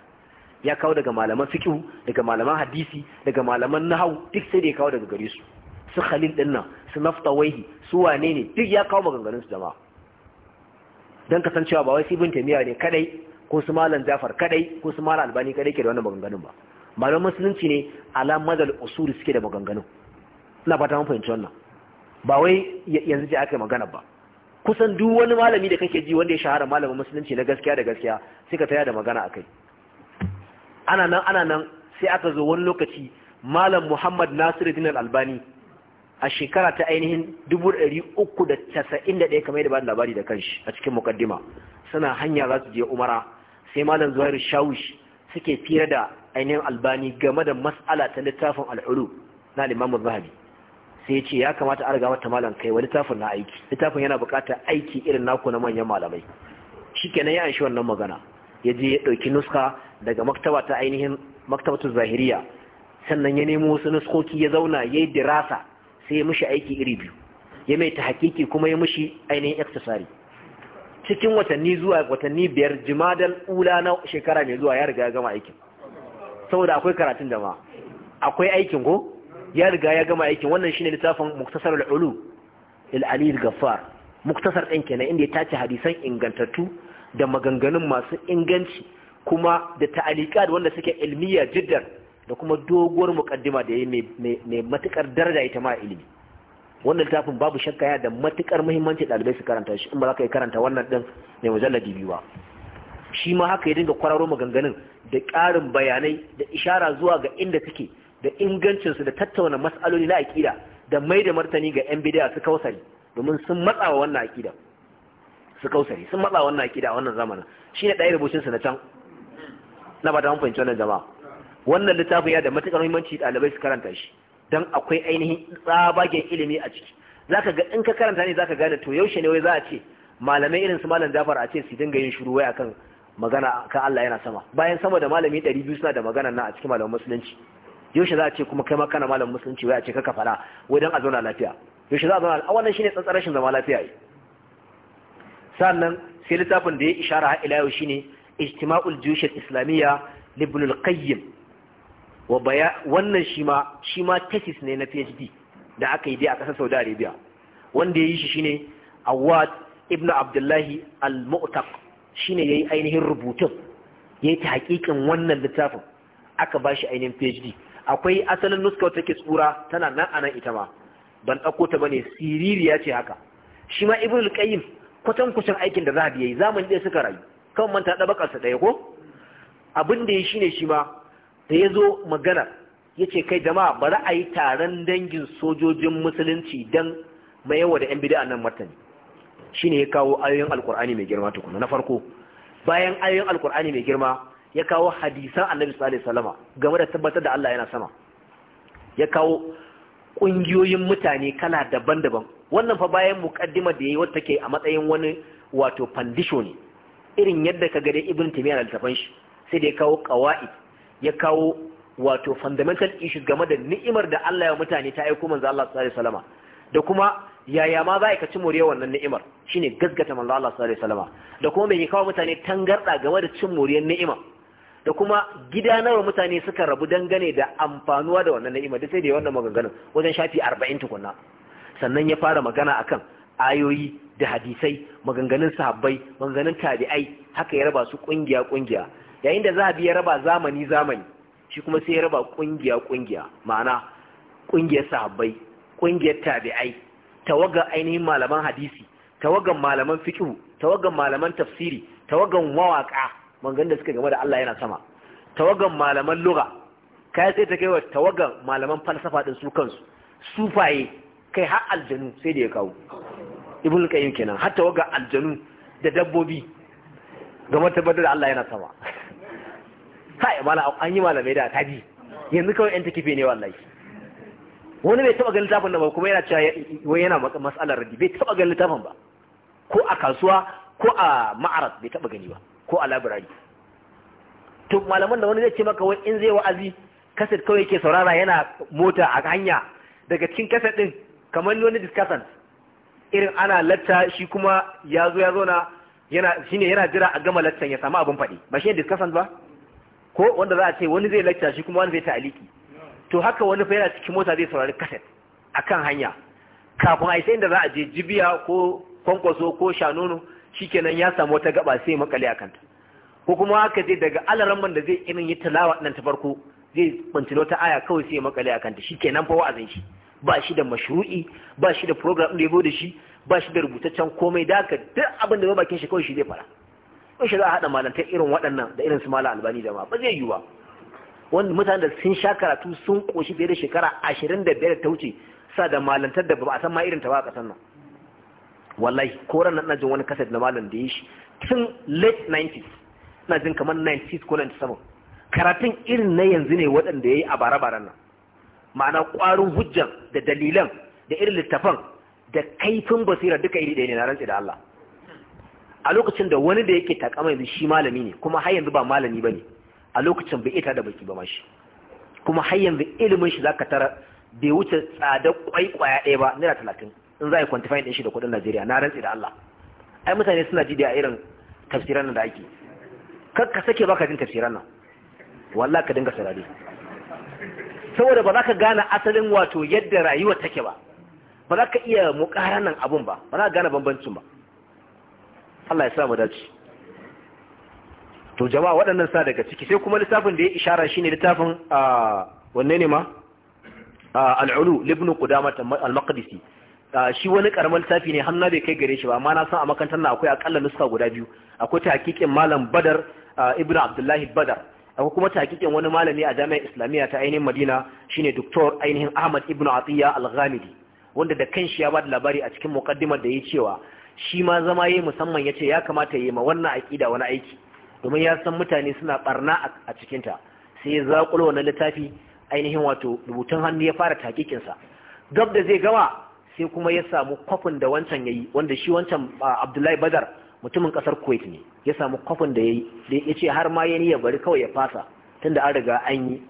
ya kawo daga malaman fiqh daga malaman hadisi daga malaman nahwu duk sai da ya kawo daga gare su su khalil din nan su naftawaihi su wane ne duk ya kawo maganganun su jama'a dan cewa ba wai sai ibn taymiya ne kadai ko su malam jafar kadai ko su malam albani kadai ke da wannan maganganun ba malaman musulunci ne ala madal usul suke da maganganun ina fata mun fahimci wannan ba wai yanzu ce aka yi magana ba kusan duk wani malami da kake ji wanda ya shahara malamin musulunci na gaskiya da gaskiya sai ka taya da magana akai ana nan ana nan sai aka zo wani lokaci malam Muhammad Nasiru dinar albani a shekara ta ainihin 391 kamar da ba labari da kanshi a cikin mukaddima suna hanya za su je Umara sai malam Zuhair Shawish suke fira da ainihin Albani game da mas'ala ta littafin al na limamun Zahabi sai ya ce ya kamata a riga mata malam kai wa littafin na aiki littafin yana buƙatar aiki irin naku na manyan malamai shikenan ya anshi wannan magana ya je ya ɗauki nuska daga maktaba ta ainihin maktabatu zahiriya sannan ya nemo wasu nuskoki ya zauna ya yi dirasa sai ya mishi aiki iri biyu ya mai ta hakiki kuma ya mishi ainihin iktisari cikin watanni zuwa watanni biyar jimadal ula na shekara mai zuwa ya riga ya gama aikin saboda akwai karatun jama'a akwai aikin ko ya riga ya gama aikin wannan shine littafin muktasar al-ulu lil alil gaffar muktasar din kenan inda ya tace hadisan ingantattu da maganganun masu inganci kuma da ta'aliqat wanda suke ilmiya jiddan da kuma doguwar muqaddima da yayi mai matukar daraja ita ma ilimi wannan littafin babu shakka ya da matukar muhimmanci dalibai su karanta shi in ba za ka yi karanta wannan din mai mujalladi biyu ba shi ma haka ya dinga kwararo maganganun da ƙarin bayanai da ishara zuwa ga inda suke da ingancinsu da tattauna mas'aloli na aƙida da mai da martani ga 'yan bidiyar su kausari domin sun matsa wa wannan aƙida su kausari sun matsa wannan aƙida a wannan zamanin shi ne ɗaya rubucinsu na can na ba ta mun fahimci wannan jama'a wannan littafin ya da matuƙar muhimmanci ɗalibai su karanta shi don akwai ainihin tsabagen ilimi a ciki zaka ga in ka karanta ne zaka gane to yaushe ne wai za a ce malamai irin su malam Jafar a ce su dinga yin shiru wai akan magana kan Allah yana sama bayan sama da malami 200 suna da magana na a cikin malaman musulunci yaushe za a ce kuma kai ma kana musulunci wai a ce kaka fara wai dan a zauna lafiya yaushe za a zauna a wannan shine tsantsar shi zama lafiya yi sannan sai littafin da ya ishara har ila yau shine ijtima'ul juyush islamiyya ibn al-qayyim wa baya wannan shi ma shi ma thesis ne na PhD da aka yi dai a kasar Saudi Arabia wanda ya yi shi shine Awad ibn Abdullahi al-Mu'taq shine yayi ainihin rubutun yayi ta hakikin wannan littafin aka ba shi ainihin PhD akwai asalin nuska wata ke tsura tana nan anan ita ma ban ɗauko ta bane ya ce haka shi ma ibn al-qayyim kwatan kusan aikin da zahabi yayi zamani da suka rayu kan manta da sa ɗaya ko abin da ya shine shi ma da ya zo magana ce kai jama'a za a yi taron dangin sojojin musulunci dan yawa da yan bid'a nan martani shine ya kawo ayoyin alkur'ani mai girma tukuna na farko bayan ayoyin alkur'ani mai girma ya kawo hadisan annabi sallallahu alaihi wasallam game da tabbatar da Allah yana sama ya kawo kungiyoyin mutane kala daban-daban wannan fa bayan muqaddima da yayi wata ke a matsayin wani wato foundation ne irin yadda ka gare ibn taymiyyah al shi sai da ya kawo qawaid ya kawo wato fundamental issues game da ni'imar da Allah ya mutane ta aiko manzo Allah sallallahu alaihi wasallam da kuma yaya ma za ka ci moriya wannan ni'imar shine gaskata manzo Allah sallallahu alaihi wasallam da kuma ya kawo mutane tangarda game da cin moriyar ni'ima da kuma gida nawa mutane suka rabu dangane da amfanuwa da wannan ni'ima duk sai da wannan maganganun wajen shafi arba'in tukunna sannan ya fara magana a kan ayoyi da hadisai maganganun sahabbai maganganun tabi'ai haka ya raba su kungiya kungiya yayin da zahabi ya raba zamani zamani shi kuma sai ya raba kungiya kungiya ma'ana kungiyar sahabbai kungiyar tabi'ai tawaga ainihin malaman hadisi tawagan malaman fiqh tawagan malaman tafsiri tawagan wawaka maganganun da suka game da Allah yana sama tawagan malaman lura, kai sai ta kai wa tawagan malaman falsafa din su kansu su faye kai har aljanu sai da ya kawo ibn qayyim kenan har tawagan aljanu da dabbobi game tabbatar da Allah yana sama kai mala an yi malamai da bi yanzu kawai yan takife ne wallahi wani bai taba ganin tafin da ba kuma yana cewa yana mas'alar radi bai taba ganin tafin ba ko a kasuwa ko a ma'arat bai taba gani ba ko a labirari to malaman da wani zai ce maka wai in zai wa'azi kaset kawai ke saurara yana mota a hanya daga cikin kaset ɗin kamar wani discussant irin ana latta shi kuma ya zo ya zauna yana shine yana jira a gama lattan ya samu abin faɗi ba shi ne discussant ba ko wanda za a ce wani zai lacca shi kuma wani zai ta'aliki to haka wani fa yana cikin mota zai saurari kaset akan hanya kafin a isa inda za a je jibiya ko kwankwaso ko shanunu. shikenan ya samu wata gaba sai makale a kanta, ko kuma haka zai daga alaramman da zai irin yi talawa nan ta farko zai kwantino ta aya kawai sai makale a kanta, shikenan fa wa'azin shi ba shi da mashru'i ba shi da program da yabo da shi ba shi da rubutaccen komai da haka duk abin da ba bakin shi kawai shi zai fara in shi za a haɗa malantar irin waɗannan da irin su malam albani da ma ba zai yiwa wanda mutanen da sun sha karatu sun koshi fiye da shekara ashirin da biyar ta wuce sa da malantar da ba a san ma irin ta ba a ƙasar nan wallahi ko ran na jin wani kaset na malam da ya shi tun late 90s na jin kamar 90s ko 97 karatun irin na yanzu ne waɗanda ya yi a bara-baran nan ma'ana ƙwarin hujjan da dalilan da irin littafan da kaifin basira duka iri ɗaya ne na rantsi da Allah a lokacin da wani da yake takama yanzu shi malami ne kuma har yanzu ba malami ba ne a lokacin bai ita da baki ba mashi kuma har yanzu ilimin shi zaka tara bai wuce tsada kwaikwaya ɗaya ba naira talatin in za a yi kwantifayin ɗin shi da kudin Najeriya na rantsi da Allah ai mutane suna ji da irin tafsiran nan da ake kar ka sake baka jin tafsiran nan Wallah ka dinga sarari saboda ba za ka gane asalin wato yadda rayuwa take ba ba za ka iya nan abun ba ba za ka gane bambancin ba Allah ya sa mu dace to jama'a waɗannan sa daga ciki sai kuma littafin da ya ishara shine littafin ah, wanne ne ma ah, al'ulu libnu qudamah al-maqdisi Ah, shi wani karamar littafi ne hannu bai kai gare shi ba amma na san a makantar na akwai akalla nuska guda biyu akwai tahqiqin malam badar ah, ibnu abdullahi badar akwai kuma tahqiqin wani malami a jami'ar islamiyya ta ainihin madina ne doktor ainihin ahmad ibnu atiya al-ghamidi wanda da kanshi ya ba da labari a cikin muqaddimar da ya cewa shi ma zama yayi musamman yace ya kamata yayi ma wannan aqida wani aiki domin ya san mutane suna barna a cikinta sai ya zakulo wannan littafi ainihin wato rubutun hannu ya fara tahqiqin sa gab da zai gama sai kuma ya samu kwafin da wancan ya yi, wanda shi wancan Abdullahi Badar mutumin kasar Kuwait ne ya samu kwafin da ya yayi da ce har ma ya niyya bari kawai ya fasa tunda an riga an yi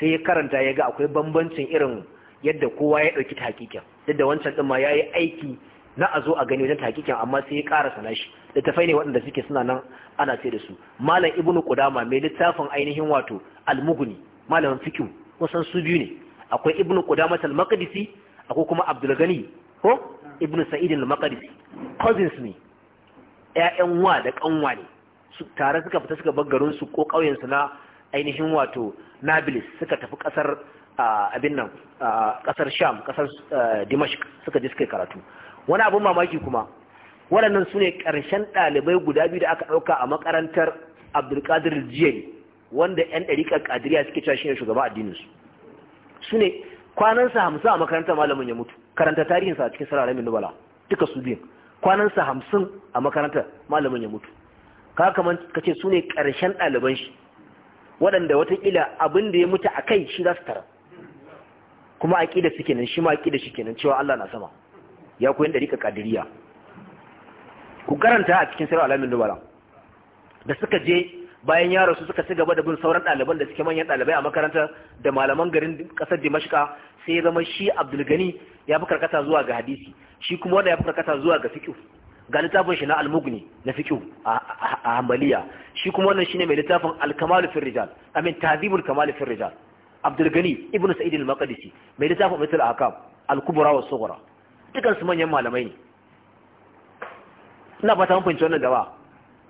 sai ya karanta ya ga akwai bambancin irin yadda kowa ya ɗauki hakikin duk da wancan din ma ya yi aiki na a zo a gani wajen hakikin amma sai ya ƙara sana shi littafai ne waɗanda suke suna nan ana ce da su malam ibnu Kudama mai littafin ainihin wato almuguni malamin fiqh kusan su biyu ne akwai ibnu Kudama al-maqdisi ko kuma abdulgani ko ibn sa'id al-maqdisi cousins ne ƴaƴan wa da ƙanwa ne su tare suka fita suka bar garin su ko ƙauyen su na ainihin wato Nablus suka tafi ƙasar abin nan ƙasar Sham kasar Dimashq suka je suka karatu wani abun mamaki kuma waɗannan su ne ƙarshen ɗalibai guda biyu da aka ɗauka a makarantar Abdulkadir Jiyari wanda 'yan ɗariƙar ƙadiriya suke cewa shine shugaba addinin su su ne kwanansa hamsin a makarantar malamin ya mutu karanta tarihinsa a cikin sararin min nubala duka su biyun kwanansa hamsin a makarantar malamin ya mutu ka kaman ka ce su ne ƙarshen ɗaliban shi waɗanda watakila abin da ya mutu a kai shi za su tara kuma ƙida su kenan shi ma ƙida shi kenan cewa Allah na sama ya koyi ɗariƙa ƙadiriya ku karanta a cikin sararin min nubala da suka je bayan ya rasu suka ci gaba da bin sauran ɗaliban da suke manyan ɗalibai a makarantar da malaman garin ƙasar Dimashka sai ya zama shi Abdulgani ya fi karkata zuwa ga hadisi shi kuma wanda ya fi karkata zuwa ga fiqh ga littafin shi na al-mughni na fiqh a Hanbaliya shi kuma wannan shine mai littafin al-kamal fi rijal amin tahdhibul kamal fi rijal Abdulgani ibn Sa'id al-Maqdisi mai littafin Mithl al-Ahkam al-Kubra wa Sughra dukan su manyan malamai ne ina fata mun fahimci wannan gaba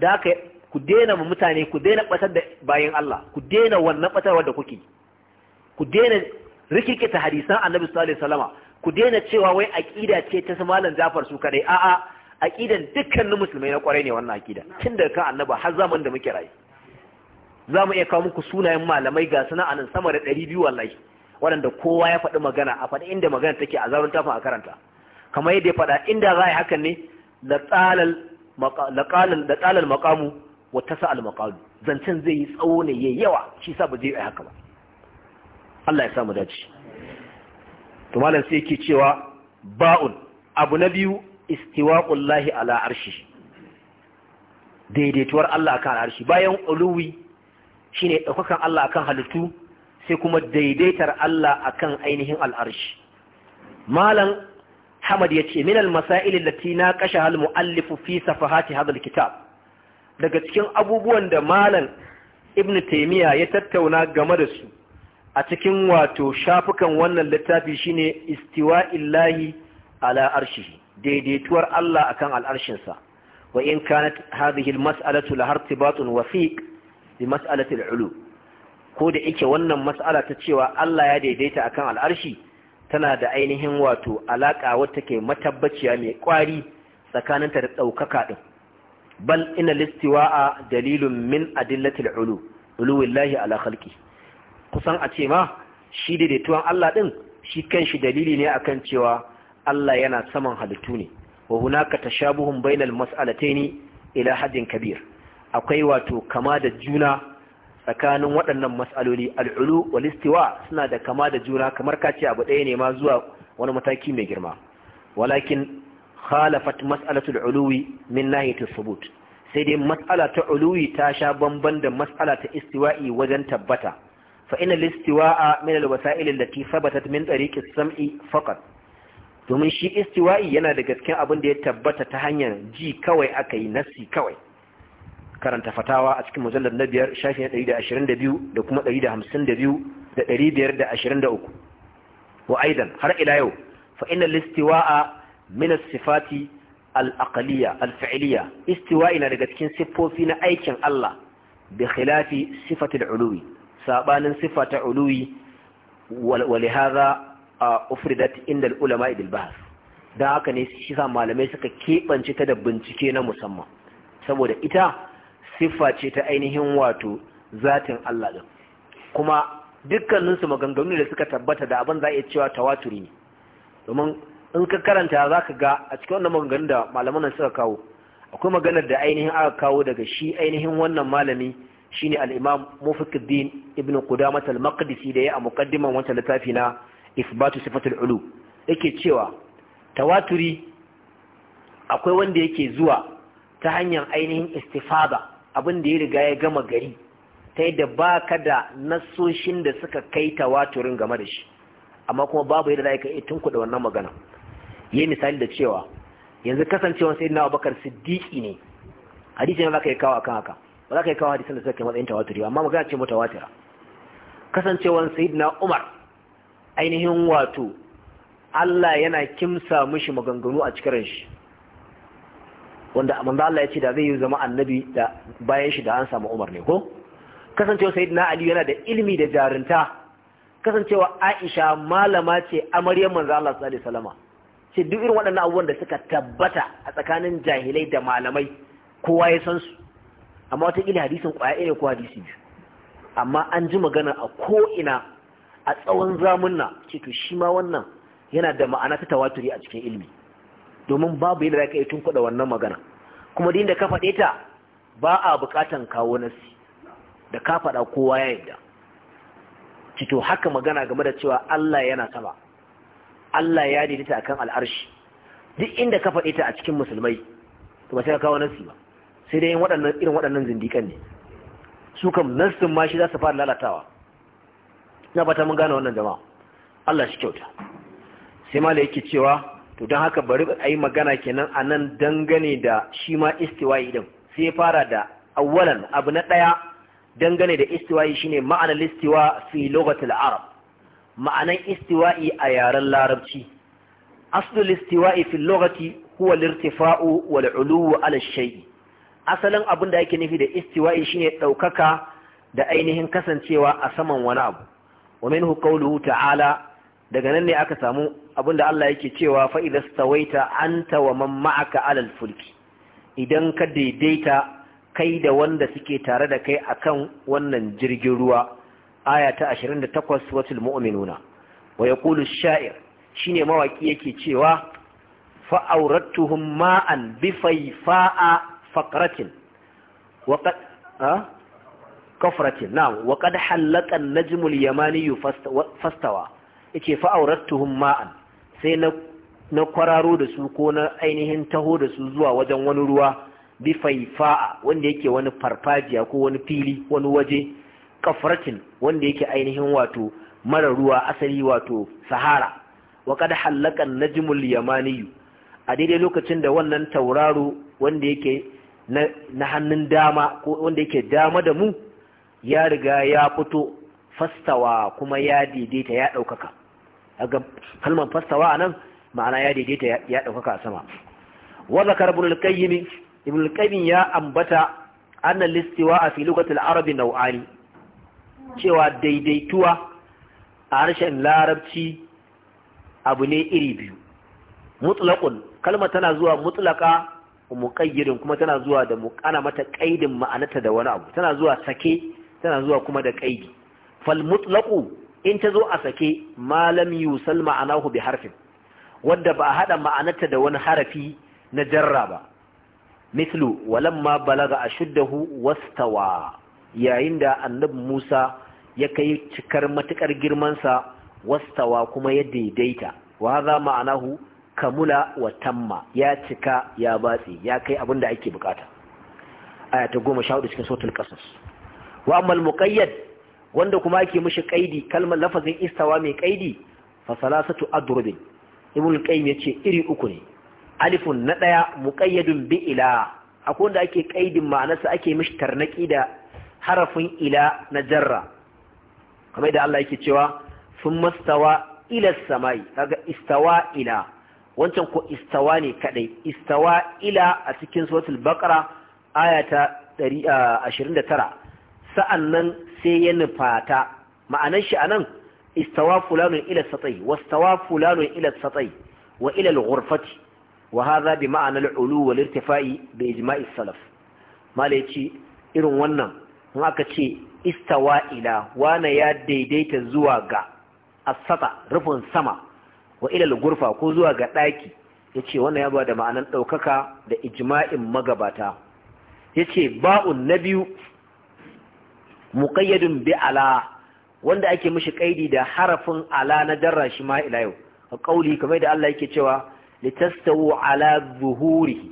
da haka ku daina mu mutane ku daina batar da bayan Allah ku daina wannan batarwar da kuke ku daina rikirkita hadisan Annabi sallallahu alaihi wasallama ku daina cewa wai aqida ce ta malam Jafar su kadai a'a aqidan dukkanin musulmai na kwarai ne wannan aqida tun da kan Annabi har zaman da muke rayu za mu iya kawo muku sunayen malamai ga suna anan sama da ɗari biyu wallahi waɗanda kowa ya faɗi magana a faɗi inda magana take a zarun tafin a karanta kamar yadda ya faɗa inda za a yi hakan ne da tsalal maqamu wata sa'al maqalu zancen zai yi tsawo ne yayi yawa shi sabu zai yi haka ba Allah ya samu dace to malam sai yake cewa ba'un abu na biyu istiwaqullahi ala arshi daidaituwar Allah akan arshi bayan uluwi shine daukakan Allah akan halittu sai kuma daidaitar Allah akan ainihin al'arshi malam Hamad ya ce, Minal masailin lati na kashe halmu allifu fi safahati hadal kitab, daga cikin abubuwan da malam ibn taimiyya ya tattauna game da su a cikin wato shafukan wannan littafi shine istiwa illahi ala arshihi daidaituwar Allah akan al'arshinsa wa in kanat hadhihi al-mas'alatu la hartibatun wasiq bi mas'alati al ko da yake wannan mas'ala ta cewa Allah ya daidaita akan al'arshi tana da ainihin wato alaka wacce ke matabbaciya mai kwari tsakaninta da daukaka din bal ina a dalilun min adillatil ulu uluwillahi ala khalqi kusan a ce ma shi daidaituwan Allah ɗin shi kanshi dalili ne akan cewa Allah yana saman halittu ne wa hunaka tashabuhun bainal mas'alataini ila haddin kabir akwai wato kama da juna tsakanin waɗannan mas'aloli al'ulu wal istiwa suna da kama da juna kamar ka abu ɗaya ne ma zuwa wani mataki mai girma walakin khalafat mas'alatul uluwi min nahiyatu thubut sai dai mas'ala ta uluwi ta sha bamban da mas'ala ta istiwa'i wajen tabbata fa inna al-istiwa'a min al min tariqi as-sam'i domin shi istiwa'i yana da gasken abin da ya tabbata ta hanyar ji kawai aka yi nassi kawai karanta fatawa a cikin mujallar na biyar shafi na 122 da kuma 152 da 523 wa aidan har ila yau fa ina al min sifati al-aqliya istiwa ina istiwa'i na daga cikin siffofi na aikin Allah bi khilafi sifati uluwi sabanin sifata uluwi wa a hadha ufridat inda ulama bil bahth dan haka ne shi sa malamai suka keɓance ta da bincike na musamman saboda ita siffa ce ta ainihin wato zatin Allah din kuma dukkaninsu maganganu da suka tabbata da abin za a iya cewa tawaturi ne domin in ka karanta za ka ga a cikin wannan maganganun da malaman nan suka kawo akwai maganar da ainihin aka kawo daga shi ainihin wannan malami shine al-imam Mufakiddin ibn Qudamah al-Maqdisi da ya a muqaddiman wata littafi na Ithbatu Sifatul Ulu yake cewa tawaturi akwai wanda yake zuwa ta hanyar ainihin istifada abin da ya riga ya gama gari ta yadda ba ka da nasoshin da suka kai tawaturin game da shi amma kuma babu yadda za ka iya tunkuɗa wannan maganar. yi misali da cewa yanzu kasancewa Sayyidina na abubakar siddiƙi ne hadisi ne za ka yi kawo akan haka ba za ka yi kawo hadisan da suka kai matsayin tawatiri amma magana ce mutawatira kasancewan sayyidina umar ainihin wato Allah yana kimsa mishi maganganu a cikin shi wanda manzo Allah ya ce da zai yi zama annabi da bayan shi da an samu umar ne ko kasancewa sayyidina ali yana da ilimi da jarinta kasancewa aisha malama ce amaryar manzo Allah sallallahu alaihi wasallam ce duk irin waɗannan abubuwan da suka tabbata a tsakanin jahilai da malamai kowa ya san su amma ila hadisin ƙwaya ɗaya ko hadisi biyu amma an ji magana a ina a tsawon zamunna ce to shi ma wannan yana da ma'ana ta tawaturi a cikin ilimi domin babu yadda za ka yi kuɗa wannan magana kuma din da ka faɗe ta ba a buƙatan kawo nasi da ka faɗa kowa ya yadda cito haka magana game da cewa Allah yana sama Allah ya daidaita akan al'arshi duk inda ka faɗi ta a cikin musulmai to ba sai ka kawo nasi ba sai dai waɗannan irin waɗannan zindikan ne su kam nassin ma shi za su fara lalatawa ina fata mun gane wannan jama'a Allah shi kyauta sai ma da yake cewa to don haka bari a yi magana kenan a nan dangane da shi ma istiwayi din sai fara da awwalan abu na ɗaya dangane da istiwayi shine ma'anar istiwa fi lughatil arab ma'anan istiwa'i a yaren larabci Asalin istiwa'i fil lughati huwa lirtifa'u wal 'uluwu 'ala shay'i asalin abin da yake nufi da istiwa'i shine daukaka da ainihin kasancewa a saman wani abu wa minhu qawluhu ta'ala daga nan ne aka samu abin da Allah yake cewa fa idza stawaita anta wa man ma'aka 'ala fulki idan ka daidaita kai da wanda suke tare da kai akan wannan jirgin ruwa aya ta 28 suratul mu'minuna wa yaqulu ash-sha'ir shine mawaki yake cewa fa awrattuhum ma'an bi fayfa'a faqratin wa qad kafratin na'am wa qad an-najmu al-yamani fastawa yake fa awrattuhum ma'an sai na na kwararo da su ko na ainihin taho da su zuwa wajen wani ruwa bi faifa'a wanda yake wani farfajiya ko wani fili wani waje kafratin wanda yake ainihin wato mara ruwa asali wato sahara wa kada hallaka najmul yamani a daidai lokacin da wannan tauraro wanda yake na hannun dama ko wanda yake dama da mu ya riga ya fito fastawa kuma ya daidaita ya ɗaukaka daga kalmar fastawa a nan ma'ana ya daidaita ya ɗaukaka a sama wazakar ibn al ya ambata anna listiwa a fi lugatul arabi nau'ani cewa daidaituwa a harshen larabci abu ne iri biyu mutlaƙun kalma tana zuwa mutlaƙa, muqayyidun kuma tana zuwa da ƙana mata ƙaidin ma'anata da wani abu tana zuwa sake tana zuwa kuma da ƙaidi fal mutlaƙu in ta zo a sake malam yusal ma'anahu bi harfin wadda ba a hada ma'anata da wani harafi na jarra ba mithlu walamma balaga ashuddahu wastawa yayin da annabi Musa ya kai cikar matukar girmansa wastawa kuma ya daidaita wa hadha ma'anahu kamula wa tamma ya cika ya batsi ya kai abin da ake bukata aya ta 14 cikin suratul qasas wa amma muqayyad wanda kuma ake mishi kaidi kalmar lafazin istawa mai kaidi fa salasatu adrubin ibn al-qayyim yace iri uku ne alifun na daya muqayyadun bi ila akwai wanda ake kaidin ma'anarsa ake mishi tarnaki da harafin ila na jarra kamar da Allah yake cewa sun mastawa ila samai kaga istawa ila wancan ko istawa ne kadai istawa ila a cikin suratul baqara aya 29 sa'annan sai ya nufata ma'anar shi anan istawa fulanun ila satai wastawa fulanun ila satai wa ila al-ghurfati wa hadha bi ma'ana ulu wal irtifa'i bi ijma'i salaf mala irin wannan in aka ce istawa ila wane ya daidaita zuwa ga asata rufin sama wa ilal gurfa ko zuwa ga ɗaki ya ce wannan ya ba da ma'anan ɗaukaka da ijma'in magabata ya ce ba'un na biyu muƙayyadin bi ala wanda ake mishi ƙaidi da harafin ala na jarra shi ma ila yau a ƙauli kamar da Allah yake cewa litastawu ala zuhuri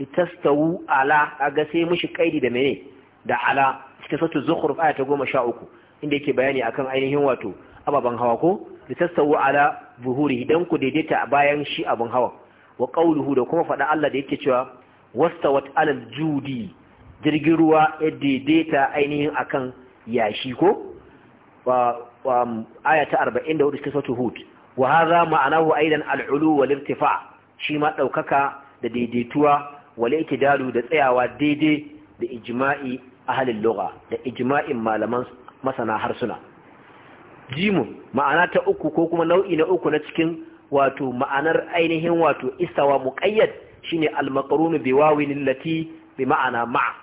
litastawu ala kaga sai mishi ƙaidi da mene da ala cikin sautin zukhruf aya ta goma sha uku inda yake bayani akan ainihin wato ababen hawa ko litastawu ala buhuri dan ku daidaita bayan shi abin hawa wa qawluhu da kuma faɗa Allah da yake cewa wastawat alal judi jirgin ruwa ya daidaita ainihin akan yashi ko um, aya ta 44 cikin sautin hud wa hadha ma'anahu aidan al'ulu wal irtifa shi ma ɗaukaka da daidaituwa wal itidalu da tsayawa daidai da ijma'i ahalin lugha da ijma'in malaman masana harsuna jimu ma'ana ta uku ko kuma nau'i na uku na cikin wato ma'anar ainihin wato istawa muqayyad shine al-maqrun bi wawin allati bi ma'ana ma'a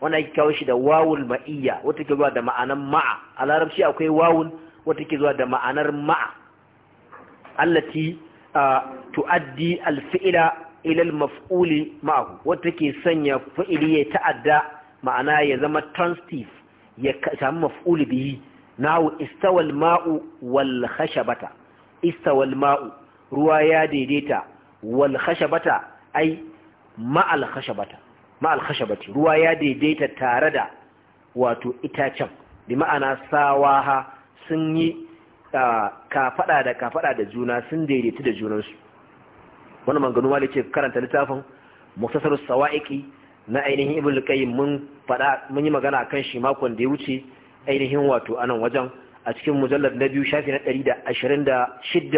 wannan yake kawo shi da wawul ma'iyya wata ke zuwa da ma'anar ma'a a larabci akwai wawun wata ke zuwa da ma'anar ma'a allati tu'addi al-fi'la ila al-maf'uli ma'ahu wata ke sanya fi'ili ya ta'adda ma'ana ya zama transitive ya samu maf'ul bihi nahu istawal ma'u wal khashabata istawal ma'u ruwa ya daidaita wal khashabata ai ma'al khashabata ma'al khashabati ruwa ya daidaita tare da wato itacen bi ma'ana sawaha sun yi kafada da kafada da juna sun daidaitu da junansu wannan manganu ma ce karanta littafin muktasarus sawaiki na ainihin ibn lukayi mun fada mun yi magana kan shi makon da ya wuce ainihin wato anan wajen a cikin mujallar na biyu shafi na 126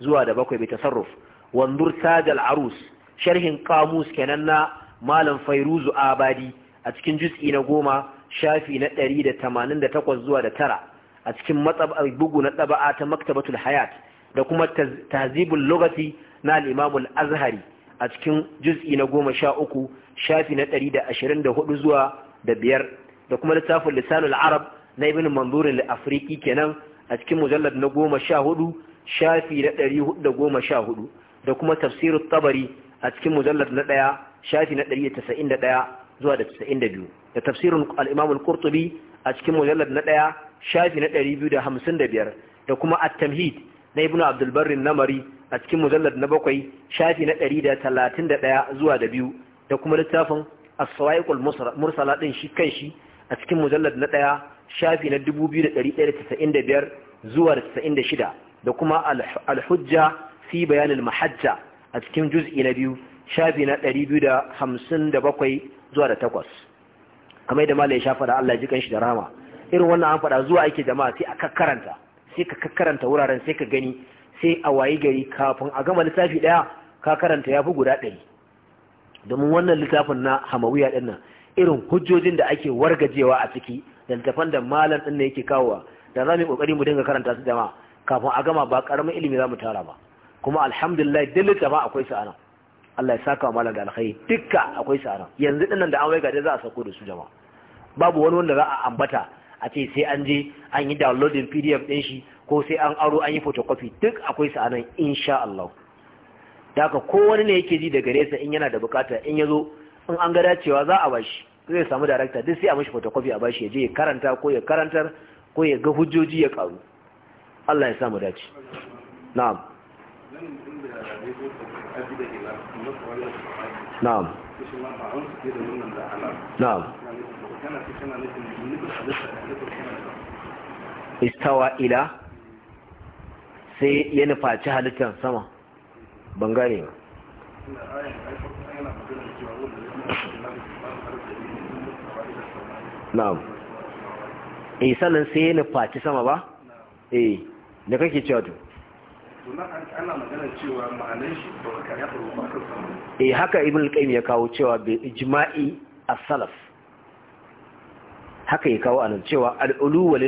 zuwa da bakwai bai tasarruf wandur sajal arus sharhin kamus kenan na malam fairuzu abadi a cikin jus'i na goma shafi na 188 zuwa da tara a cikin matsabar bugu na ɗaba'a ta maktabatul hayat da kuma tazibul lugati na al azhari a cikin juz'i na goma sha uku shafi na 124 zuwa da biyar da kuma littafin lisanul arab na ibn manzur al-afriki kenan a cikin mujallad na goma sha hudu shafi na 414 da goma sha hudu da kuma tafsiru tabari a cikin mujallad na ɗaya shafi na ɗari da da ɗaya zuwa da 92 da biyu. al tafsirin al kurtubi a cikin mujallad na ɗaya shafi na ɗari biyu da hamsin da da biyar kuma at-tamhid na ibn abdul barr namari a cikin mujallad na bakwai shafi na ɗari da da talatin ɗaya zuwa da biyu. da kuma littafin as mursala din shi kanshi a cikin mujallar na ɗaya, shafi na 2195 zuwa 96 da kuma al-hujja fi bayan mahajja a cikin juz'i na biyu shafi na 257 zuwa da 8 kamar da malai shafa da Allah ji kan shi da rama. irin wannan an faɗa zuwa ake jama'a sai a kakkaranta sai ka kakkaranta wuraren sai ka gani sai a wayi gari kafin a gama littafi ɗaya, ka karanta ya fi guda ɗari domin wannan littafin na hamawiya din nan irin hujjojin da ake wargajewa a ciki da littafan da malam din ne yake kawowa da za mu kokari mu dinga karanta su jama'a kafin a gama ba karamin ilimi za mu tara ba kuma alhamdulillah duk littafin akwai su nan Allah ya saka malam da alkhairi dukka akwai su nan yanzu dinnan da an waiga da za a sako da su jama'a babu wani wanda za a ambata a ce sai an je an yi downloading pdf ɗin shi ko sai an aro an yi photocopy duk akwai su nan insha Allah da kowane ko wani ne yake ji daga nesa in yana da bukata in yazo in an ga dacewa za a bashi zai samu director duk sai a mashi photocopy a bashi ya je ya karanta ko ya karantar ko ya ga hujjoji ya karu Allah ya samu dace na'am
na'am na'am
istawa ila sai ya nufaci halittar sama ban gane
ba
na'am eh sannan sai na faci sama ba eh da kake cewa to eh haka ibn al-qayyim ya kawo cewa bi ijma'i as-salaf haka ya kawo anan cewa al-ulu wal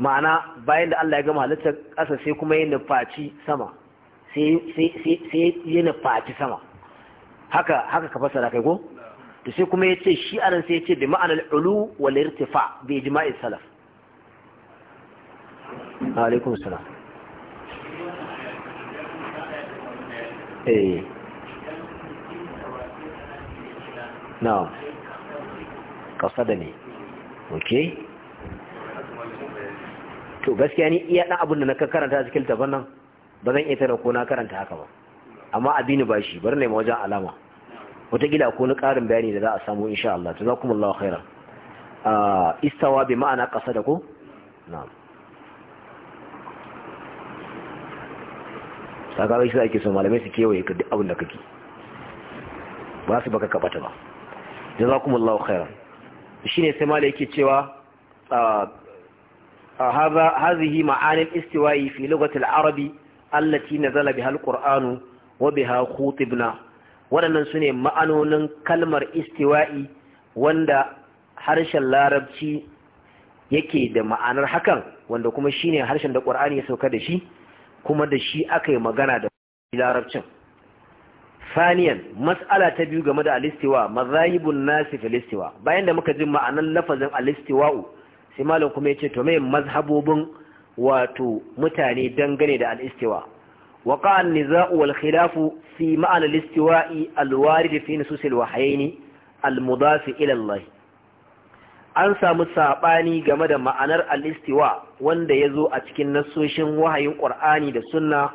ma'ana bayan da Allah ya gama halittar ƙasa sai kuma ya nufaci sama sai ya nufaci sama haka haka ka fasara kai ko to sai kuma ya ce shi anan sai ce da ma'anar ulu lirtifa bai ji ijma'is salaf alaikun salam eh Kasa da ne okay to gaskiya ni iya ɗan abin da na karanta a cikin taban nan ba zan iya tana ko na karanta haka ba amma abini ba shi bari nema wajen alama wata gida ko na karin bayani da za a samu insha Allah ta zakum Allah khaira istawa bi ma'ana kasa da ko na'am sakamakon shi ake so malamai su kewaye ka duk abin da kake ba su baka kabata ba jazakumullahu khairan shine sai malai yake cewa هذا هذه معاني الاستواء في لغة العرب allati nazala bihal qur'anu wa biha khutibna waɗannan sune ma'anonin kalmar istiwa'i wanda harshen larabci yake da ma'anar hakan wanda kuma shine harshen da qur'ani ya sauka da shi kuma da shi aka yi magana da larabcin faniyan mas'ala ta biyu game da alistiwa mazahibun nasi filistiwa bayan da muka ji ma'anar lafazin alistiwa'u sai malam kuma ya ce to mai mazhabobin wato mutane dangane da al-istiwa an-niza'u wal khilafu fi ma'ana al-istiwa'i al-warid fi nusus al-wahyayn al an samu saɓani game da ma'anar al-istiwa wanda zo a cikin nassoshin wahayin Qur'ani da Sunna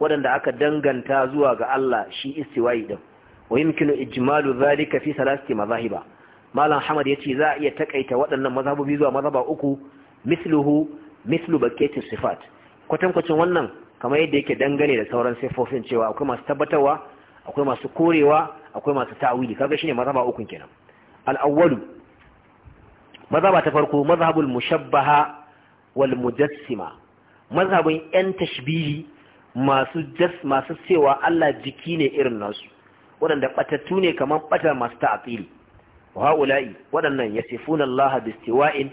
waɗanda aka danganta zuwa ga Allah shi istiwa'i din wa yumkinu ijmalu dhalika fi thalathati madhahiba malam Hamad yace za a iya takaita waɗannan mazhabobi zuwa mazhaba uku misluhu mislu baketin sifat kwatankwacin wannan kamar yadda yake dangane da sauran sifofin cewa akwai masu tabbatarwa akwai masu korewa akwai masu ta'awili kaga shine mazhaba ukun kenan al-awwalu mazhaba ta farko mazhabul mushabbaha wal mujassima mazhabin yan tashbihi masu jas masu cewa Allah jiki ne irin nasu waɗanda batattu ne kamar batar masu ta'atili wa haula'i waɗannan yasifuna Allah bi istiwa'in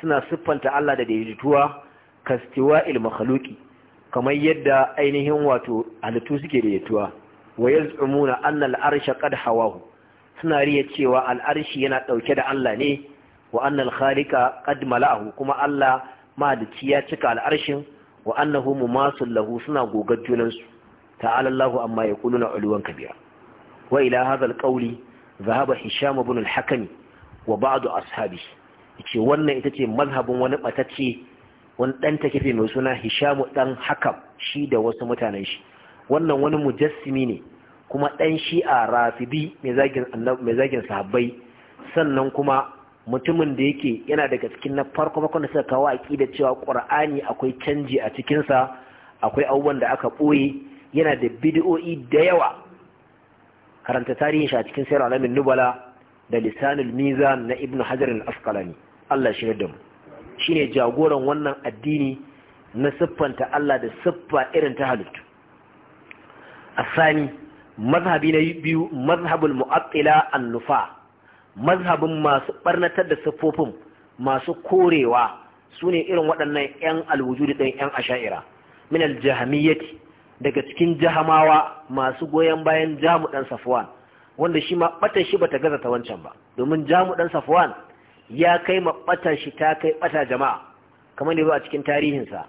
suna siffanta Allah da daidaituwa kastiwa'il makhluqi kamar yadda ainihin wato halittu suke daidaituwa wa yaz'umuna anna al-arsha qad hawahu suna riya cewa al'arshi yana ɗauke da Allah ne wa anna al mala'ahu kuma Allah mahalici ya cika al'arshin wa mu masu lahu suna gogar junansu ta'ala Allah amma yaquluna uluwan kabira wa ila hadha al-qawli ذهب هشام بن الحكم وبعض أصحابه ce wannan ita ce mazhabin wani ɓatacce wani ɗan takife mai suna hishamu ɗan hakam shi da wasu mutanen shi wannan wani mujassimi ne kuma ɗan shi a rafidi mai zagin sahabbai sannan kuma mutumin da yake yana daga cikin na farko makon da suka kawo a ƙida cewa ƙur'ani akwai canji a cikinsa akwai abubuwan da aka ɓoye yana da bidi'o'i da yawa karanta tarihin shi a cikin sayar alamin nubala da lisanul mizan na ibnu hajar al-asqalani Allah shi da mu shine jagoran wannan addini na siffanta Allah da siffa irin ta halittu asani mazhabi na biyu mazhabul mu'attila an-nufa mazhabin masu barnatar da siffofin masu korewa sune irin waɗannan yan alwujudi ɗin yan asha'ira min al daga cikin jahamawa masu goyon bayan jamu ɗan safwan wanda shi ma bata shi bata gaza ta wancan ba domin jamu dan safwan ya kai ma bata shi ta kai bata jama'a kamar ne a cikin tarihinsa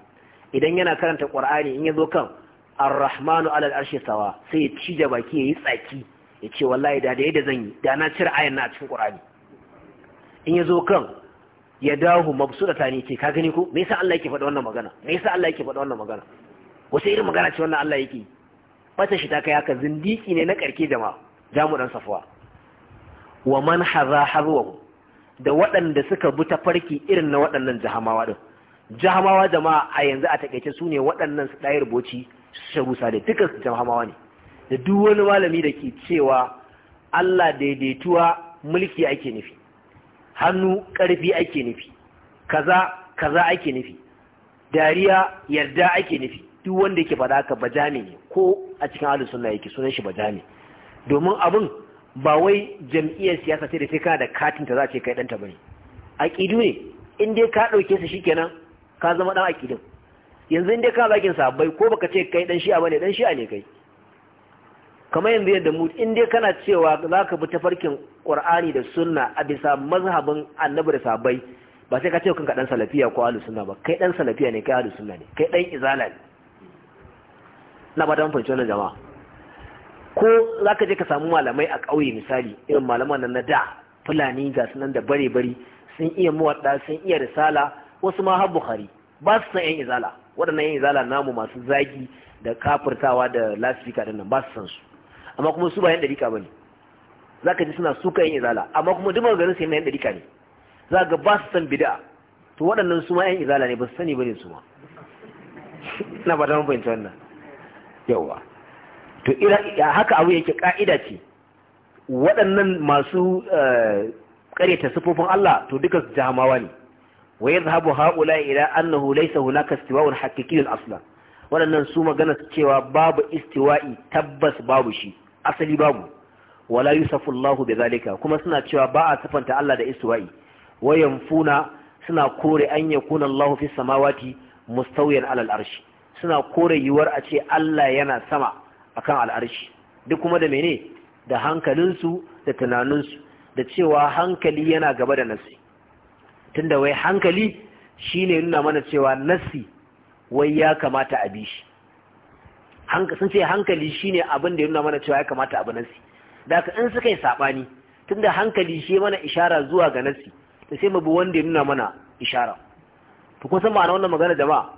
idan yana karanta qur'ani in yazo kan ar-rahmanu alal sawa sai ya cije baki yayi tsaki ya ce wallahi da da yadda zan yi da na cire ayan na a cikin qur'ani in yazo kan ya dahu ta ne ce ka gani ko me yasa Allah yake faɗa wannan magana me yasa Allah yake faɗa wannan magana wace irin magana ce wannan Allah yake bata shi ta kai haka zindiki ne na karke jama'a jamu dan safuwa wa man haza harwahu da waɗanda suka bi ta farki irin na waɗannan jahamawa din jahamawa jama'a a yanzu a takaice su ne waɗannan su ɗayar boci shagu ne dukkan su jahamawa ne da duk wani malami da ke cewa Allah daidaituwa mulki ake nufi hannu ƙarfi ake nufi kaza kaza ake nufi dariya yarda ake nufi duk wanda yake faɗa ka bajami ne ko a cikin ahlus sunna yake sunan shi bajami domin abin ba wai jam'iyyar siyasa ce da sai kana da katin ta za ce kai ɗanta bane aƙidu ne in dai ka ɗauke su shikenan ka zama ɗan aƙidin yanzu in dai ka zakin bai ko baka ce kai ɗan shi'a bane ɗan shi'a ne kai kamar yanzu yadda mu in dai kana cewa za ka bi tafarkin ƙur'ani da sunna a bisa mazhabin annabi da sabai ba sai ka ce kanka ɗan salafiya ko ahlus sunna ba kai ɗan salafiya ne kai ahlus sunna ne kai ɗan izala ne na ba ta mafanci wannan jama'a ko za ka je ka samu malamai a ƙauye misali irin malaman nan na da fulani ga su nan da bare bare sun iya muwaɗa sun iya risala wasu ma har bukhari ba su san yan izala waɗannan yan izala namu masu zagi da kafirtawa da lasifika da nan ba su san su amma kuma su ba yan ɗarika ba ne za ka ji suna suka yan izala amma kuma duk maganin su yan ɗarika ne za ga ba su san bid'a to waɗannan su ma yan izala ne ba su sani ba ne su ma ina ba ta fahimta wannan yauwa to haka abu yake ka'ida ce waɗannan masu eh, ƙareta sifofin Allah to duka su jahamawa ne wa yadhhabu haula ila annahu laysa hunaka istiwa'un haqiqiyyun asla waɗannan su magana cewa babu istiwa'i tabbas babu shi asali babu wala yusafu Allahu zalika kuma suna cewa ba a sifanta Allah da istiwa'i wayanfuna suna kore an yakuna Allahu fi samawati mustawiyan alal arshi suna kore yiwuwar a ce Allah yana sama akan al'arshi duk kuma da mene da hankalinsu da tunaninsu da cewa hankali yana gaba da nassi tunda wai hankali shine nuna mana cewa nassi wai ya kamata a bi shi sun ce hankali shine abin da ya nuna mana cewa ya kamata abu nassi da ka in suka yi saɓani tunda hankali shi mana ishara zuwa ga nassi da sai mu bi wanda ya nuna mana ishara to kun san ma'ana wannan magana jama'a